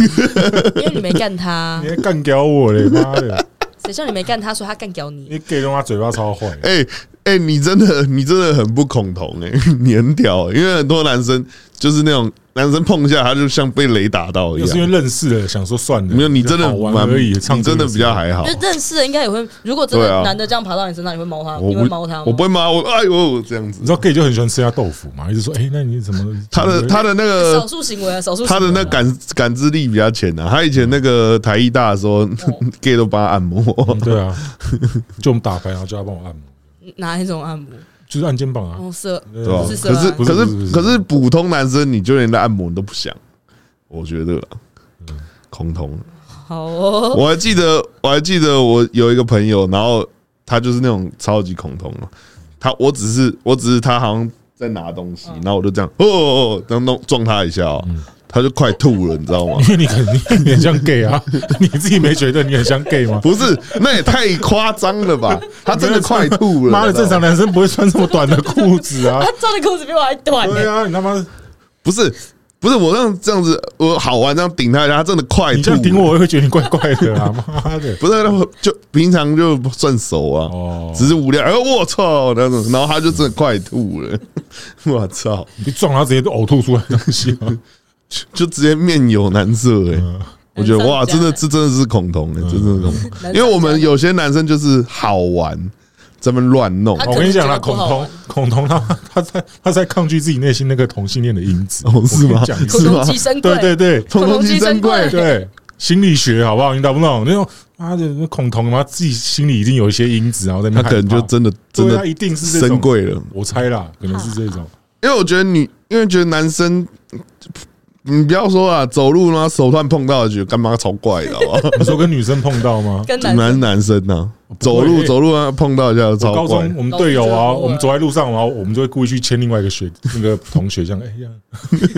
因為你沒幹他，你幹屌我嘞，媽的。誰叫你沒幹他？說他幹屌你。你 gay 他嘴巴超壞，哎、欸。哎、欸，你真的，你真的很不恐同欸，你很屌、欸，因為很多男生就是那種男生碰一下他就像被雷打到一樣。因是因為認識的想說算了，沒有你真的玩而已，唱真的比較還好。認識的應該也會，如果真的男的這樣爬到你身上，你會貓他，你會貓他，我不會貓我，會我哎呦我這樣子。你知道 gay 就很喜歡吃他豆腐嘛？一直說哎、欸，那你怎麼的他的他的那個少數行為、啊，少數、啊、他的那個感感知力比較淺啊。他以前那個台藝大的時候、哦、 [laughs] ，gay 都幫他按摩、嗯，對啊，就我們打牌，然後叫他幫我按摩。哪一種按摩？就是按肩膀啊，是，對吧不？可是可是，不是，不是，不是可是普通男生，你就連按摩都不想，我覺得，恐、嗯、同。好哦，我還記得，我還記得我有一個朋友，然後他就是那種超級恐同，他我只是我只是他好像在拿東西，嗯、然後我就這樣哦，哦，哦，然後弄撞他一下哦、嗯。他就快吐了，你知道嗎？因為你很很像 gay 啊，你自己沒覺得你很像 gay 嗎？不是，那也太誇張了吧？他真的快吐了！媽的，正常男生不會穿這麼短的褲子啊！他穿的褲子比我還短。對啊，你他媽不是不是我讓這、這樣子，我好玩這樣頂他，他真的快吐。你這樣頂我，我會覺得你怪怪的啊！媽的，不是就平常就算熟啊，只是無聊。哎、呃，我操，那種然後他就真的快吐了。我操，你撞他直接都嘔吐出來的東西、啊。就直接面有難色哎、欸，我覺得哇，真的是恐同、欸、真的是恐同真的是，因為我們有些男生就是好玩，這麼亂弄。我跟你講啦恐同，恐同恐同，他他在他在抗拒自己內心那個同性戀的因子、哦，是嗎？恐同即對對對，恐同即深櫃，對心理學好不好？你懂不懂那種的恐同嘛，自己心裡一定有一些因子，然後在那他可能就真的真的貴他一定是深櫃了，我猜啦，可能是這種，啊、因為我覺得女，因為覺得男生。你不要說啊！走路嘛，手段，碰到的覺得幹嘛超怪，的，知道嗎？跟女生碰到嗎？跟男，啊、男男生吶、啊喔，走路走路啊，碰到一下超怪的我高我、啊。高中我們隊友啊，我們走在路上、啊，然後我們就會故意去牽另外一個學那個同學，這樣哎呀、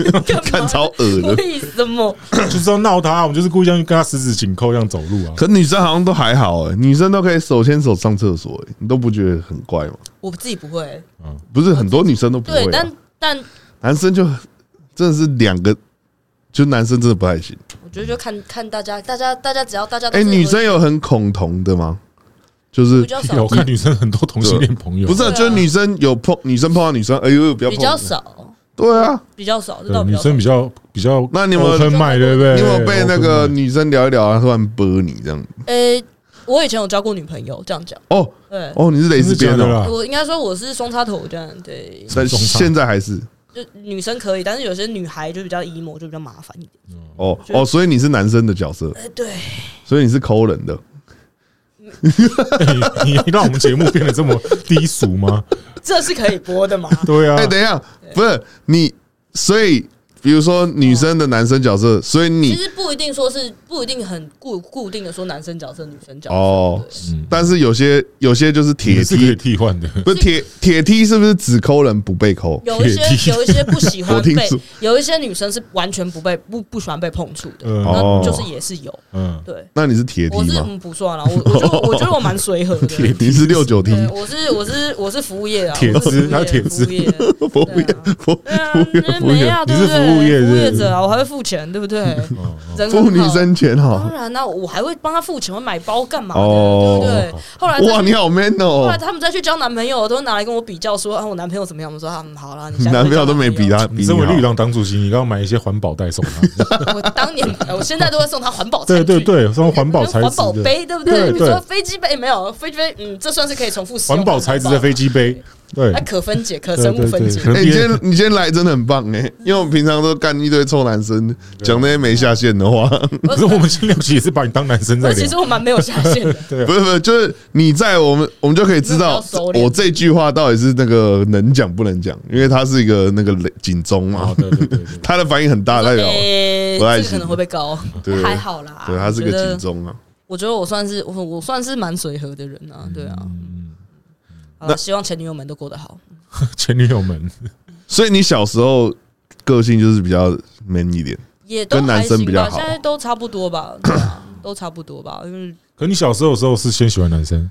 欸啊 [laughs] 啊，看超惡的。為什麼 [coughs] 就知道鬧他？我們就是故意這樣跟他十指緊扣這樣走路啊。可女生好像都還好哎、欸，女生都可以手牽手上廁所哎、欸，你都不覺得很怪嗎？我自己不會、欸，嗯、啊，不是很多女生都不會、啊對，但但男生就真的是兩個。就男生真的不太行，我覺得就看看大家，大家大家只要大家。哎、欸，女生有很恐同的嗎？就是比較少，我看女生很多同性戀朋友、啊，不是、啊啊，就是女生有碰女生碰到女生，哎呦，呦，比較比較少，對啊，比較少，較少女生比較比較，那你有沒有很買對不對？對你有，沒有被那個女生聊一聊啊，突然啵你這樣哎、欸，我以前有交過女朋友，這樣講哦，對，哦，你是蕾絲邊的，的吧，我應該說我是雙插頭這樣，對，是但現在還是。女生可以，但是有些女孩就比較 emo，就比較麻煩一點。哦哦，所以你是男生的角色？呃、對，所以你是摳人的、嗯 [laughs] 欸？你讓我們節目變得這麼低俗嗎？這是可以播的嗎？對啊，欸、等一下，對，不是你，所以。比如說女生的男生角色，哦、所以你其實不一定說是不一定很固固定的說男生角色女生角色哦，但是有些有些就是鐵梯是可以替換的，不是鐵鐵梯是不是只摳人不被摳？有一些有一些不喜歡被 [laughs] 有一些女生是完全不被不不喜歡被碰觸的、嗯，那就是也是有嗯對。那你是鐵梯嗎？我是、嗯、不算啦，我就我，就我就我覺得我蠻隨和的。鐵梯是六九梯，我是我是我是服務業啊，鐵他是鐵梯。服務業服務業，服務業對啊，服務業，服務業對不、啊嗯、對？物業，業者啊，我還會付錢，對不對？生 [laughs] 付女生錢哈，當然那、啊、我還會幫他付錢，我買包幹嘛的、啊哦，對不對？哦、後來哇，你好 man 哦、喔！後來他們再去交男朋友，都拿來跟我比較說啊，我男朋友怎麼樣？我說他們、嗯、好啦，你男朋、男朋友都沒比他。比你身為綠黨黨主席，你剛買一些環保袋送他。 [laughs] 我當年，我現在都會送他環保。對對對，送環保材質、環保杯，對不對？你說飛機杯沒有飛機杯？嗯，這算是可以重複使用環保材質的飛機杯。對，還可分解，可生物分解。欸，你今天你今天來，真的很棒欸！因為我平常都幹一堆臭男生，講那些沒下限的話。不是，是我們其實也是把你當男生在。其實我蠻沒有下限的。 [laughs] 對，不是不是，就是你在我們，我們就可以知道我這句話到底是那個能講不能講，因為它是一個那個警鐘嘛。好的，好的，他的反應很大，我說欸、代表不愛這個可能會被告。對，還好啦。對，他是一個警鐘啊。我我覺得我算是我我算是蠻隨和的人啊。對啊。呃希望前女友們都過得好。 [laughs] 前女友們、嗯，所以你小時候個性就是比較 man 一點，也都跟男生比較好，現在都差不多吧， [coughs] 都差不多吧。嗯、可是你小時候的時候是先喜歡男生？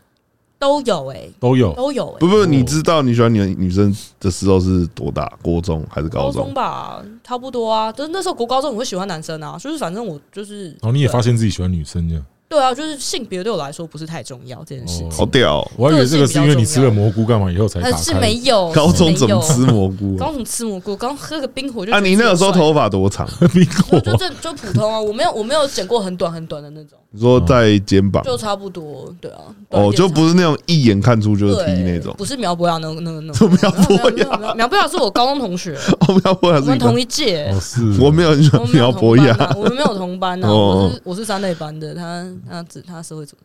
都有哎、欸，都有都有、欸。不不,不，你知道你喜歡女女生的時候是多大？國中還是高中,高中吧，差不多啊。但、就是那時候國高中你會喜歡男生啊，就是反正我就是哦，然後你也發現自己喜歡女生這樣。對啊，就是性別對我來說不是太重要這件事情。好屌哦，我還以為這個是因為你吃了蘑菇幹嘛以後才。是沒有，高中怎麼吃蘑菇？高中吃蘑菇，剛喝個冰火就。啊，你那個時候頭髮多長？ [laughs] 冰火、啊、不是就這就普通啊，我沒有我沒有剪過很短很短的那種。你說在肩膀就差不多，對啊，哦，就不是那種一眼看出就是 T 那種，不是苗博雅那那個那個。苗博雅，苗博雅是我高中同學，哦，苗博雅是我們同一屆，是，我沒有，苗博雅，我們沒有同班的、啊，我，沒有同班、啊哦、我是我是三類班的，他他指他社會主義，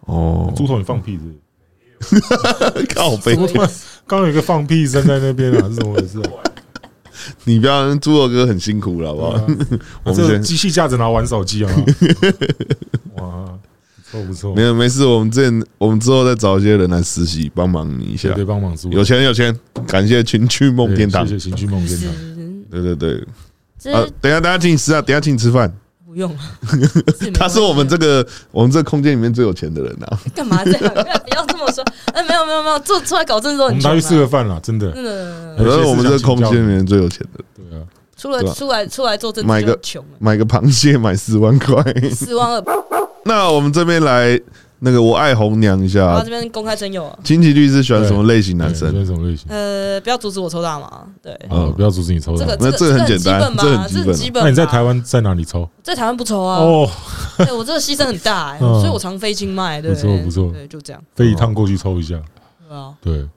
哦，哦，豬頭你放屁子， [laughs] 靠北，豬頭，剛有一個放屁聲，在那邊啊，是怎麼回事？ [laughs] 你不要，豬頭哥很辛苦了好不好？我、啊、這機器架子拿玩手機啊。 [laughs] 沒有沒事，我們這我們之後再找一些人來實習幫忙你一下，對對，有錢有錢，感謝情趣夢天堂，謝謝情趣夢天堂。對謝謝情趣夢天堂、okay. 對對，對，啊，等一下等一下，請你吃啊，等下請你吃飯，不用了、啊。 [laughs] 他是我們這個我們這個空間裡面最有錢的人吶、啊，幹嘛這樣？不要這麼說， [laughs] 哎，沒有沒有沒有，做出來搞這種我們去吃個飯了，真的、啊，真 [laughs] 我 [laughs] 是我們這個空間裡面最有錢的，對啊。出來出來出來做這、啊、買個買個螃蟹買四萬塊，四萬二。那我們這邊來，那個我愛紅娘一下。啊、這邊公開徵友、啊。菁琪律師喜歡什麼類型男生？喜歡什麼類型？呃，不要阻止我抽大麻。對呃、哦嗯啊，不要阻止你抽大麻。這個、這個、那這個很簡單，這個、很這基本，這基本、啊基本。那你在台灣在哪裡抽？在台灣不抽啊？哦，對我這個犧牲很大、欸嗯，所以我常飛清邁。對，不錯不錯。對，就這樣，飛一趟過去抽一下。對、哦、啊。對。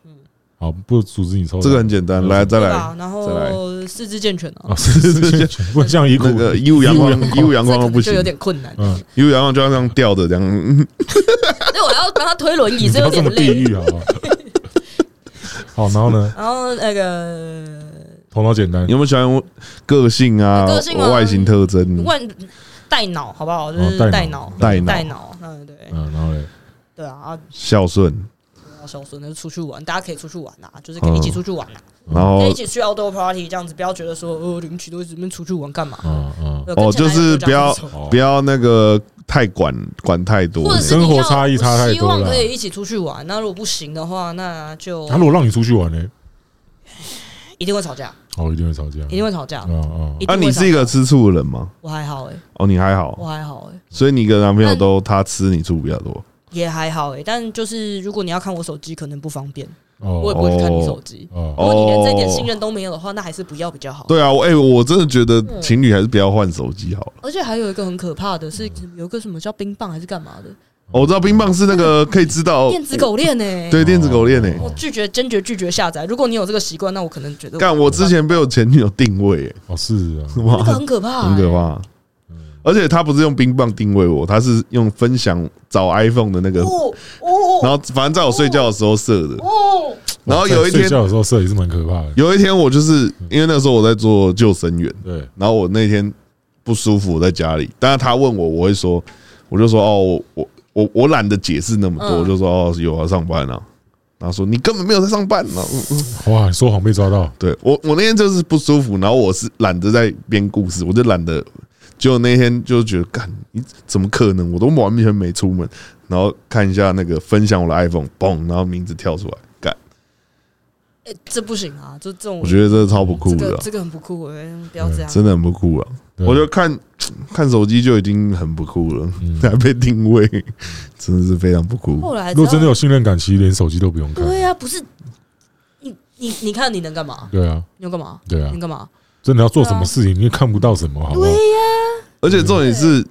好，不阻止你抽。這個很簡單，來再來。然後四肢健全、喔、哦，四肢健全。像、哦、一、那個一物陽光，一物陽光都不行，嗯、就有點困難。嗯，一物陽光就要這樣吊着這樣。所以我要幫他推輪椅，所以這麼地獄啊。 [laughs] 好，然後呢？然後那個頭腦簡單，有沒有喜歡用個，性、啊、個性啊？外形特徵，萬帶腦，好不好？就是帶腦，帶腦，嗯，對，嗯、啊，然後呢？對啊，孝順。消暑那就出去玩，大家可以出去玩吶、啊，就是可以一起出去玩吶、啊嗯，可以一起去 outdoor party 這樣子，不要覺得說呃，你們都一直在這邊出去玩幹嘛？嗯嗯、哦，就是不要不要那個太管管太多、欸，生活差異差太多，希望可以一起出去玩。那如果不行的話，那就……他、啊、如果讓你出去玩呢、欸，一定會吵架，哦，一定會吵架，嗯嗯、一定會吵架。嗯、啊，嗯、啊。那你是一個吃醋的人嗎？我還好哎、欸。哦，你還好，我還好哎、欸。所以你跟男朋友都、嗯、他吃你醋比較多。也還好誒、欸，但就是如果你要看我手機，可能不方便。哦，我也不會去看你手機、哦。如果你連這一點信任都沒有的話，那還是不要比較好。對啊，我、欸、我真的覺得情侶還是不要換手機好了。而且還有一個很可怕的是，嗯、有個什麼叫冰棒還是幹嘛的、哦？我知道冰棒是那個可以知道、哦、電子狗鏈誒、欸， [laughs] 對，電子狗鏈誒、欸、哦，我拒絕，堅決拒絕下載。如果你有這個習慣，那我可能覺得，幹，我之前被我前女友定位、欸，哦，是啊，是嗎？這、那個很可怕、欸，很可怕。而且他不是用冰棒定位我，他是用分享找 iPhone 的那個，然後反正在我睡覺的時候設的，然後有一天睡覺的時候設也是蠻可怕的。有一天我就是因為那個時候我在做救生員，對，然後我那天不舒服我在家裡，但是他問我，我會說，我就說哦，我我我懶得解釋那麼多，我就說哦有要啊上班了。他說你根本沒有在上班呢，哇，說謊被抓到。對我我那天就是不舒服，然後我是懶得在編故事，我就懶得。就那天就覺得，幹，你怎麼可能？我都完全沒出門，然後看一下那個分享我的 iPhone，嘣，然後名字跳出來，幹、欸，這不行啊！就這種，我覺得這是超不酷的、啊這個，這個很不酷、欸，哎，不要這樣、啊、真的很不酷啊，我就看看手機就已經很不酷了、嗯，還被定位，真的是非常不酷。後來如果真的有信任感，其實連手機都不用看。對啊，不是你你,你看你能幹嘛？對啊，你要幹嘛？對啊，你幹嘛、啊啊？真的要做什麼事情你也看不到什麼，好，對呀、啊。而且重點是，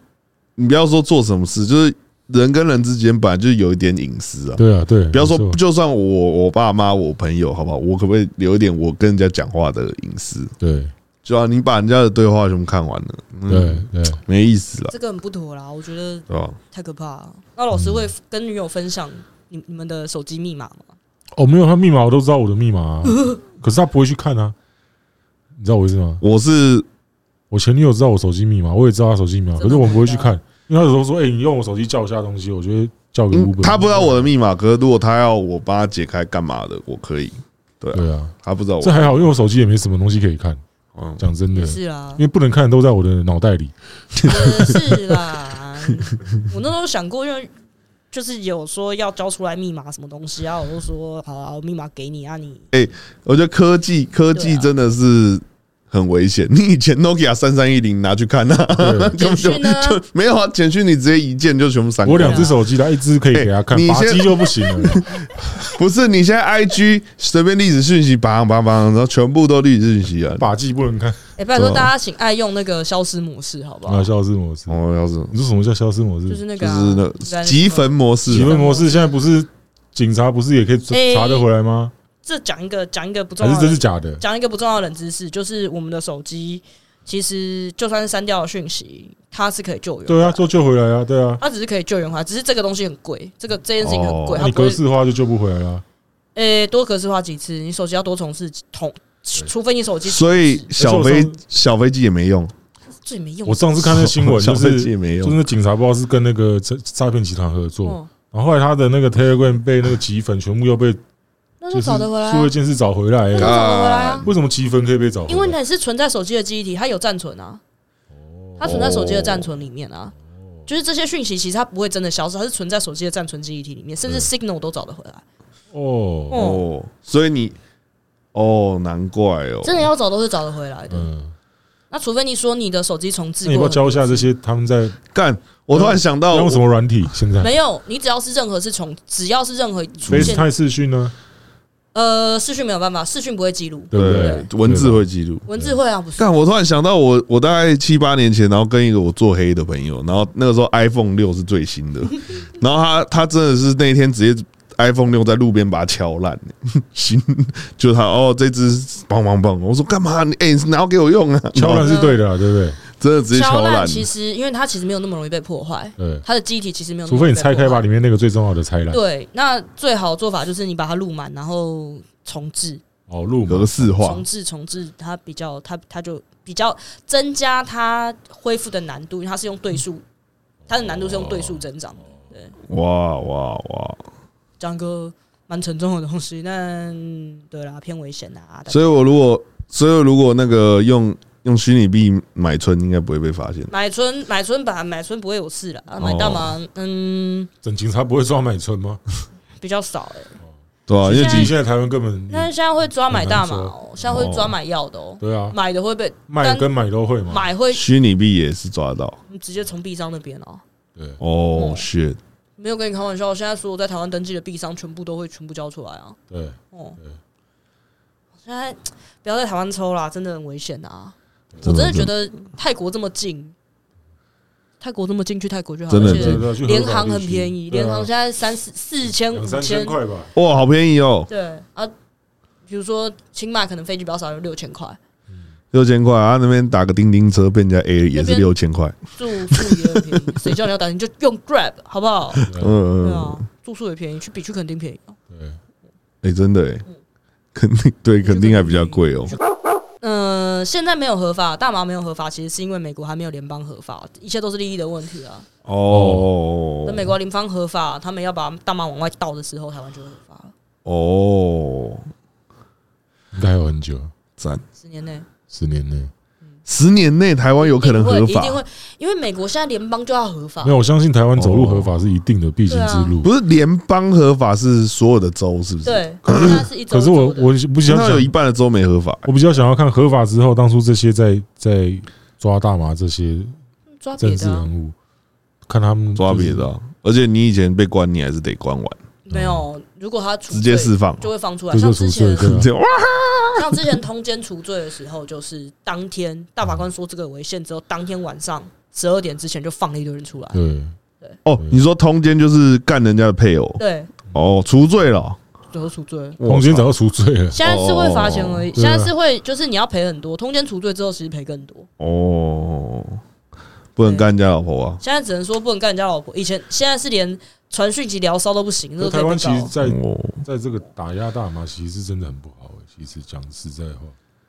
你不要說做什麼事，就是人跟人之間本來就有一點隱私啊。對啊，對。不要說，就算我、我爸媽、我朋友，好不好？我可不可以留一點我跟人家講話的隱私？對，就要、啊、你把人家的對話全部看完了、嗯對，對對，沒意思了。這個很不妥啦，我覺得啊，太可怕了。那老師會跟女友分享你你們的手機密碼嗎、嗯？哦，沒有，他密碼我都知道，我的密碼、啊。 [laughs] 可是他不會去看啊？你知道我意思嗎？我是。我前女友知道我手機密碼，我也知道他手機密碼，可是我不會去看，因為他有時候說，哎、欸，你用我手機叫一下東西，我覺得叫個 Uber。’她他不知道我的密碼，可是如果他要我幫她解開幹嘛的，我可以。對啊，對啊，他不知道。這還好，因為我手機也沒什麼東西可以看。嗯，講真的，是啊，因為不能看，都在我的腦袋裡。是啦， [laughs] 我那時候想過、就是，因就是有說要交出來密碼什麼東西啊，然後，我就說好啊，好密碼給你啊，你。哎、欸，我覺得科技科技真的是。很危險！你以前 Nokia 三三一零拿去看、啊、呢，就就就沒有啊。簡訊你直接一鍵就全部散開、啊。我兩隻手機，它一隻可以給他看，把機就不行了。 [laughs] 不是，你現在 IG 隨便歷史訊息，b a n 然後全部都歷史訊息了，把機不能看。哎、欸，不然說大家請愛用那個消失模式，好不好、啊？消失模式，哦，消失模式。你說什麼叫消失模式？就是那個、啊，就是那、啊、即焚模式。即焚模，模式現在不是警察不是也可以查，、欸、查得回來嗎？這講一個講一個不重要，還是這是假的？講一個不重要的冷知識，就是我們的手機其實就算是刪掉了訊息，它是可以救援。對啊，就救回來啊，對啊，它只是可以救援，還只是這個東西很貴，這個這件事情很貴。哦啊、你格式化就救不回來了、啊。誒、欸，多格式化幾次，你手機要多重置。同，除非你手機。所以小飛小飛機也沒用，最沒用。我上次看那新聞、就是啊，就是機也警察不知道是跟那個詐詐騙集團合作、嗯，然後後來他的那個 Telegram 被那個集粉全部又被。那就，找得回來啊、就是找回來，數位鍵是找回來啊。來啊啊為什麼積分可以被找回來啊？因為它是存在手機的記憶體，它有暫存啊。它存在手機的暫存裡面啊。哦，就是這些訊息其實它不會真的消失，它是存在手機的暫存記憶體裡面，甚至 Signal 都找得回來。嗯，哦哦，所以你哦，難怪哦，真的要找都是找得回來的。嗯，那除非你說你的手機從重置，你不要教一下這些他們在幹。我突然想到用，用什麼軟體，現在、啊，沒有。你只要是任何是從，只要是任何是太視訊呢？呃，視訊沒有辦法，視訊不會記錄，對，對，對對文字會記錄，文字會啊，不是。但我突然想到我，我我大概七八年前，然後跟一個我做黑的朋友，然後那個時候 iPhone 六是最新的，然後他他真的是那一天直接 iPhone 六在路邊把它敲爛，欸，新 [laughs] 就他哦，這只棒棒棒，我說幹嘛？哎、欸，你要給我用啊？敲爛是對的，啊啊，對不對？敲爛其實，因為它其實沒有那麼容易被破壞。對，它的機體其實沒有。除非你拆開，把裡面那個最重要的拆了。對，那最好的做法就是你把它錄滿，然後重置。哦，錄格式化，重置重置，重置，它比較它它就比較增加它恢復的難度，因為它是用對數，它的難度是用對數增長。對，哇哇哇，張哥蠻沉重的東西，但對啦，偏危險啦。所以我如果，所以我如果那個用。用虛擬幣買春應該不會被發現買春。買春買春吧，買春不會有事的。買大麻、哦，嗯。整警察不會抓買春嗎？ [laughs] 比較少哎、欸哦。對啊，因為警現在台灣根本。但是現在會抓買大麻哦、喔，現在會抓買藥的、喔、哦。對啊。買的會被。賣跟買都會嘛。買會。虛擬幣也是抓得到。你、嗯、直接從幣商那邊啊、喔。對。哦，shit。沒有跟你開玩笑，我現在所有在台灣登記的幣商全部都會全部交出來啊。對。哦。對現在不要在台灣抽啦，真的很危險啊。真我真的覺得泰國這麼近，泰國這麼近，去泰國就好。真的，而且聯航很便宜，聯航現在三四、啊、四千五千塊吧。哇，好便宜哦！對啊，比如說清邁可能飛機比較少，有六千塊、嗯。六千塊啊，那邊打個叮叮車被人家 A 也是六千塊。住宿也很便宜，誰 [laughs] 叫你要打，你就用 Grab 好不好？嗯嗯嗯。對啊，住宿也便宜，去比去肯定便宜哦。哎，真的哎、欸嗯，肯定對，肯定還比較貴哦、喔。嗯、呃，現在沒有合法大麻，沒有合法，其實是因為美國還沒有聯邦合法，一切都是利益的問題啊。哦，等美國聯邦合法，他們要把大麻往外倒的時候，台灣就會合法了。哦，應該要很久，贊，十年內，十年內。十年內台灣有可能合法，因為美國現在聯邦就要合法。沒有，我相信台灣走路合法是一定的必經之路。不是聯邦合法，是所有的州，是不是？對，可是可是我我不相信有一半的州沒合法，我比較想要看合法之後，當初這些在在抓大麻這些政治人物，看他們抓別的。而且你以前被關，你還是得關完。沒有。如果他直接釋放，就會放出來，哦、像之前像之前通姦除罪的時候，就是當天大法官說這個違憲之後，當天晚上十二點之前就放了一堆人出來、嗯。對哦，你說通姦就是幹人家的配偶？對、嗯，哦，除罪了、哦，就是除了要除罪，通姦早就除罪了。現在是會罰錢而已，現在是會就是你要賠很多，通姦除罪之後其實賠更多。哦，不能幹人家老婆啊！現在只能說不能幹人家老婆，以前現在是連。傳訊及聊騷都不行。台灣其實在在這個打壓大麻，其實是真的很不好、欸。其實講實在話，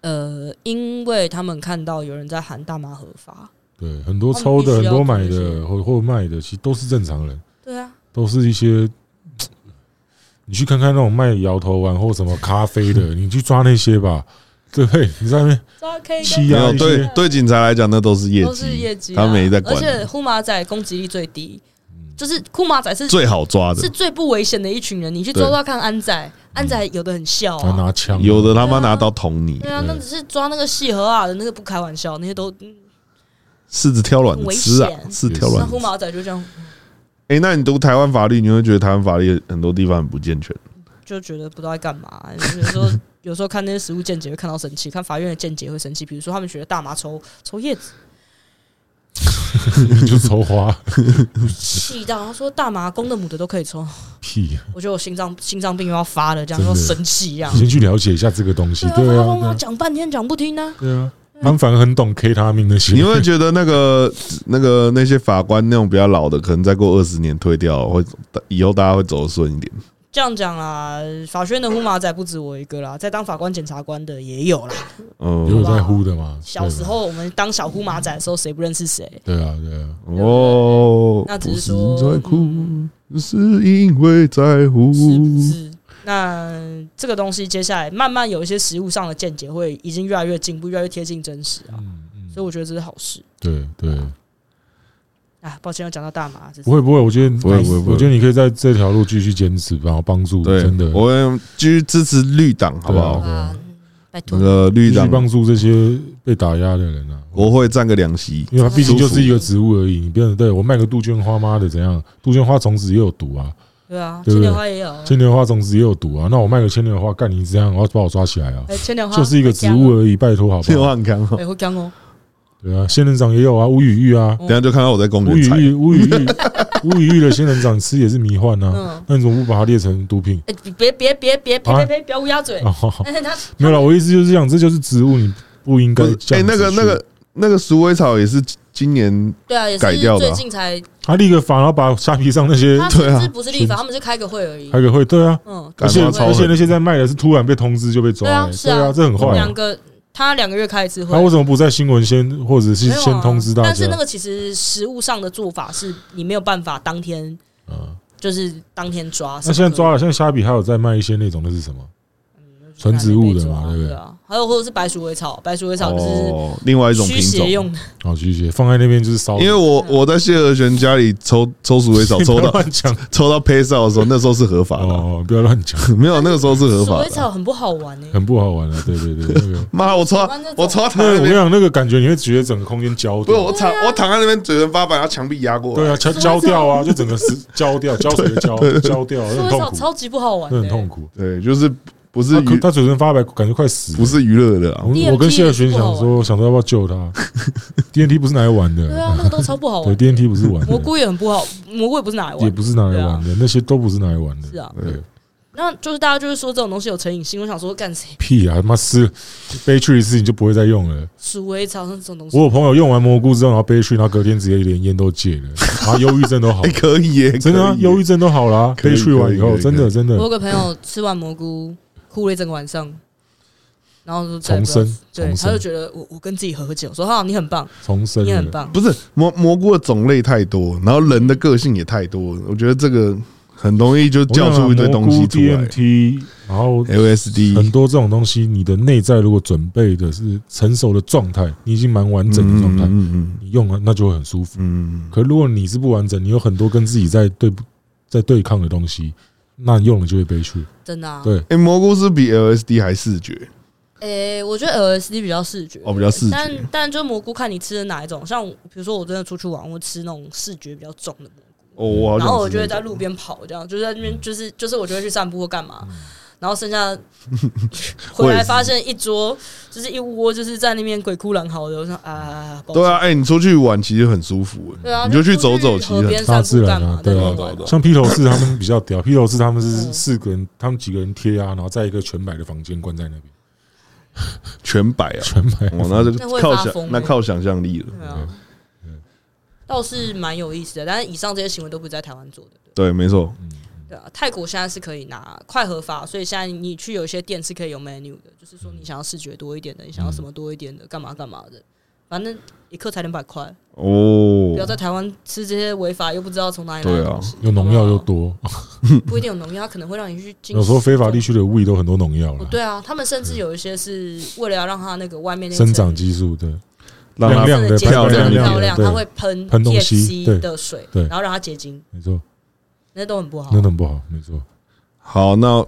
呃，因為他們看到有人在喊大麻合法，對，很多抽的、哦、很多買的或或賣的，其實都是正常人。對啊，都是一些你去看看那種賣搖頭丸或什麼咖啡的， [laughs] 你去抓那些吧，對，你在那邊抓 K 七啊？對對，警察來講那都是業績、啊，他沒在管。而且呼麻仔攻擊力最低。就是酷馬仔是最好抓的，是最不危險的一群人。你去抓抓看安仔，安仔，安仔有的很笑、啊，拿槍、啊，有的他媽拿刀捅你。對啊，對啊對那只、個、是抓那個細和啊，的那個，不開玩笑，那些、個、都柿子挑軟吃啊，柿子挑軟酷馬仔就這樣。哎、欸，那你讀台灣法律，你會覺得台灣法律很多地方很不健全，就覺得不知道在幹嘛、欸。有時候， [laughs] 有時候看那些實務，見解會看到生氣，看法院的見解會生氣。比如說，他們覺得大麻抽抽葉子。 [laughs] 就抽花，氣 [laughs] 到！他說大麻公的母的都可以抽，屁、啊！我覺得我心臟心臟病又要發了這樣，又生氣這樣。你先去了解一下這個東西。對啊，講半天講不聽呢。對啊，反而、啊啊啊啊、很懂 K 他命的心。你會覺得那個那個那些法官那種比較老的，可能再過二十年退掉，會以後大家會走得順一點。這樣講啦，法學院的呼麻仔不止我一個啦，在當法官、檢察官的也有啦。嗯、哦，有 [laughs] 在呼的嗎？小時候我們當小呼麻仔的時候，誰不認識誰？對啊，對啊。對對哦，那只是說是在哭、嗯，是因為在乎。是，是。那這個東西，接下來慢慢有一些實務上的見解，會已經越來越進步，越來越貼近真實啊、嗯嗯。所以我覺得這是好事。對對。對啊，抱歉，又講到大麻。不會不會，我覺得不會不會，我覺得你可以在這條路繼續堅持，然後幫助。真的，我們繼續支持綠黨，好不好？啊，綠黨幫助這些被打壓的人，啊、我，我會占個兩席，因為它畢竟就是一個植物而已。你不要對我賣個杜鵑花，媽的怎樣？杜鵑花種子也有毒啊。對啊，牽牛花也有，牽牛花種子也有毒啊。那我賣個牽牛花，干你怎樣？我要把我抓起來啊！牽、欸、牛花就是一個植物而已，喔、拜托，好不好？牽牛很干對啊，仙人掌也有啊，烏羽玉啊，等下就看到我在公園。烏羽玉，烏羽玉， [laughs] 的仙人掌吃也是迷幻啊，那你怎麼不把它列成毒品？別別別別別別別別烏鴉嘴！啊啊、沒有了，我意思就是這樣，這就是植物，你不應該。哎、欸那個，那個那個那個鼠尾草也是今年啊對啊，也改掉了，最近才他、啊、立個法，然後把蝦皮上那些對啊，不是立法，他們就開個會而已，開個會對啊，嗯，啊感啊、而且朝鮮那些在賣的是突然被通知就被抓，了。對啊，這很壞，他兩個月開一次會，啊，他為什麼不在新聞先，或者是先通知到，啊，但是那個其實實務上的做法是你沒有辦法當天，嗯，就是當天抓，啊。那現在抓了，現在蝦皮還有在賣一些那種，那是什麼？純植物的嘛，啊、對不對？還、啊、有或者是白鼠尾草，白鼠尾草就是、哦、另外一種品種用的。哦，驅邪放在那邊就是燒。因為我、嗯、我在謝和弦家裡抽抽鼠尾草，抽到 [laughs] 亂抽到拍照的時候，那時候是合法的。哦，哦不要亂講， [laughs] [laughs] 沒有那個時候是合法。的。鼠尾草很不好玩、欸、很不好玩的、啊。對對對，那個媽，我抽我抽它，我，我跟你講那個感覺，你會覺得整個空間焦掉。不是我躺我躺在那邊嘴唇發白，然後牆壁壓過。對啊，焦焦掉啊， [laughs] 就整個是焦掉，焦水焦對、啊、對對對焦掉，那很痛苦，超級不好玩，很痛苦。對，就是。不是他，他嘴唇發白，感覺快死。不是娛樂的、啊，我跟謝亞軒想說，想說要不要救他。 [laughs] DMT 不是拿來玩的，對啊，那個都超不好玩的 [laughs] 對。對，DMT 不是玩的，蘑菇也很不好，蘑菇也不是拿來玩，也不是拿來玩的、啊，那些都不是拿來玩的。是啊對，對。那就是大家就是說這種東西有成癮性，我想說幹誰？屁啊！他媽是，悲劇的事情，就不會再用了 [laughs] 鼠尾草那種東西，我有朋友用完蘑菇之後，然後悲劇，然後隔天直接連煙都戒了，然後憂鬱症都好、 [laughs] 欸，還可，可以耶，真的啊，憂鬱症都好了，悲劇完以後，以真的真的，真的。我有個朋友吃完蘑菇。哭了一整晚上，然後重生，對，他就覺得我我跟自己和解，我說：“哈、啊，你很棒，重生，你很棒。”不是蘑蘑菇的種類太多，然後人的個性也太多，我覺得這個很容易就叫出一堆東西出來。哦、出來 DNT，然後 LSD 很多這種東西，你的內在如果準備的是成熟的狀態，你已經蠻完整的狀態，嗯嗯，嗯嗯，你用了那就會很舒服，嗯嗯可如果你是不完整，你有很多跟自己在對在對抗的東西。那你用了你就會背出，真的啊。對，哎、欸，蘑菇是比 LSD 還視覺。誒、欸，我覺得 LSD 比較視覺、欸，哦，比較視覺。但但就蘑菇，看你吃的哪一種。像比如說，我真的出去玩，我吃那種視覺比較重的蘑菇。哦嗯、然後我就會在路邊跑，這樣就在那邊，就是就是，嗯就是、我就會去散步或幹嘛。嗯然後剩下回來，發現一桌是就是一窩，就是在那邊鬼哭狼嚎的。我說啊，對啊，哎、欸，你出去玩其實很舒服，對啊，你就去走走其很、啊，其實很大自然啊，啊，啊，啊，對啊，像披頭四他們比較屌，披頭四他們是四個人， [laughs] 他們幾個人貼啊，然後在一個全白的房間關在那邊，全白啊，全白、啊，我那是靠想，那，那靠想象力了，對啊，嗯，倒是蠻有意思的，但是以上這些行為都不是在台灣做的，對，對沒錯。嗯泰國現在是可以拿快合法，所以現在你去有些店是可以有 menu 的，就是說你想要視覺多一點的，你想要什麼多一點的，幹嘛幹嘛的，反正一克才兩百塊哦。不要在台灣吃這些違法又不知道從哪裡拿的，對啊，有農藥又多，不一定有農藥，它可能會讓你去。 [laughs] 有時候非法地區的胃都很多農藥了，哦、對啊，他們甚至有一些是為了要讓它那個外面那個生長激素，對，讓它變漂亮，的亮漂亮的，它會噴噴東西的水對，對，然後讓它結晶，沒錯。那都，啊、那都很不好，那很不好，沒錯。好，那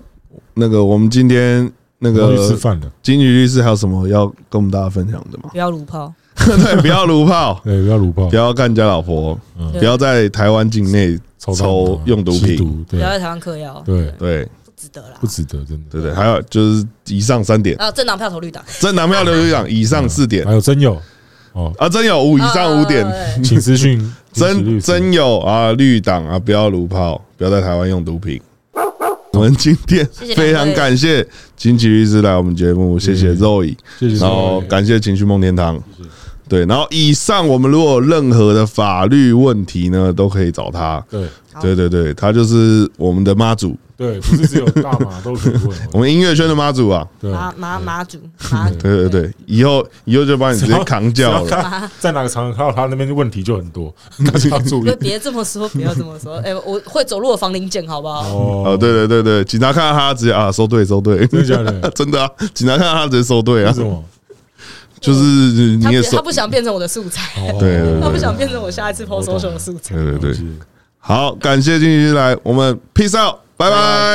那個我們今天那個菁琪律師還有什麼要跟我們大家分享的嗎？不要爐炮，對，不要爐炮，對，不要爐炮，不要幹家老婆，不要在台灣境內抽用毒品，不要在台灣嗑藥，對對，不值得啦，不值得，真的，對，對對。還有就是以上三點，啊，有政黨票投綠黨，政黨票投綠黨，以上四點， [laughs] 還有真有。哦啊，真有五以上五點，哦哦哦哦，請私訊。真真有啊，綠黨啊，不要盧炮，不要在台灣用毒品。我們今天非常感謝菁琪律師來我們節目，謝謝 Zoe，謝謝然後感謝情趣夢天堂。對，然後以上我們如果有任何的法律問題呢，都可以找他。對，對對對，他就是我們的媽祖。對，不是只有大麻，都可以問。我們音樂圈的媽祖啊。媽媽媽祖媽。對對對，以後以後就把你直接扛叫了。在哪個場合他，他那邊的問題就很多，但是要注意。別 [laughs] 這麼說，不要這麼說。哎、欸，我會走路的防靈劍，好不好？哦、oh.，對對對對，警察看到他直接啊，收隊收隊。真的假的？ [laughs] 真的啊，警察看到他直接收隊啊。.就是你也是他，他不想變成我的素材，哦哦。 [laughs] 對，對，他不想變成我下一次 po social 的素材。對對對，對，對，好，感謝菁琪來，我們 peace out，拜拜。拜拜。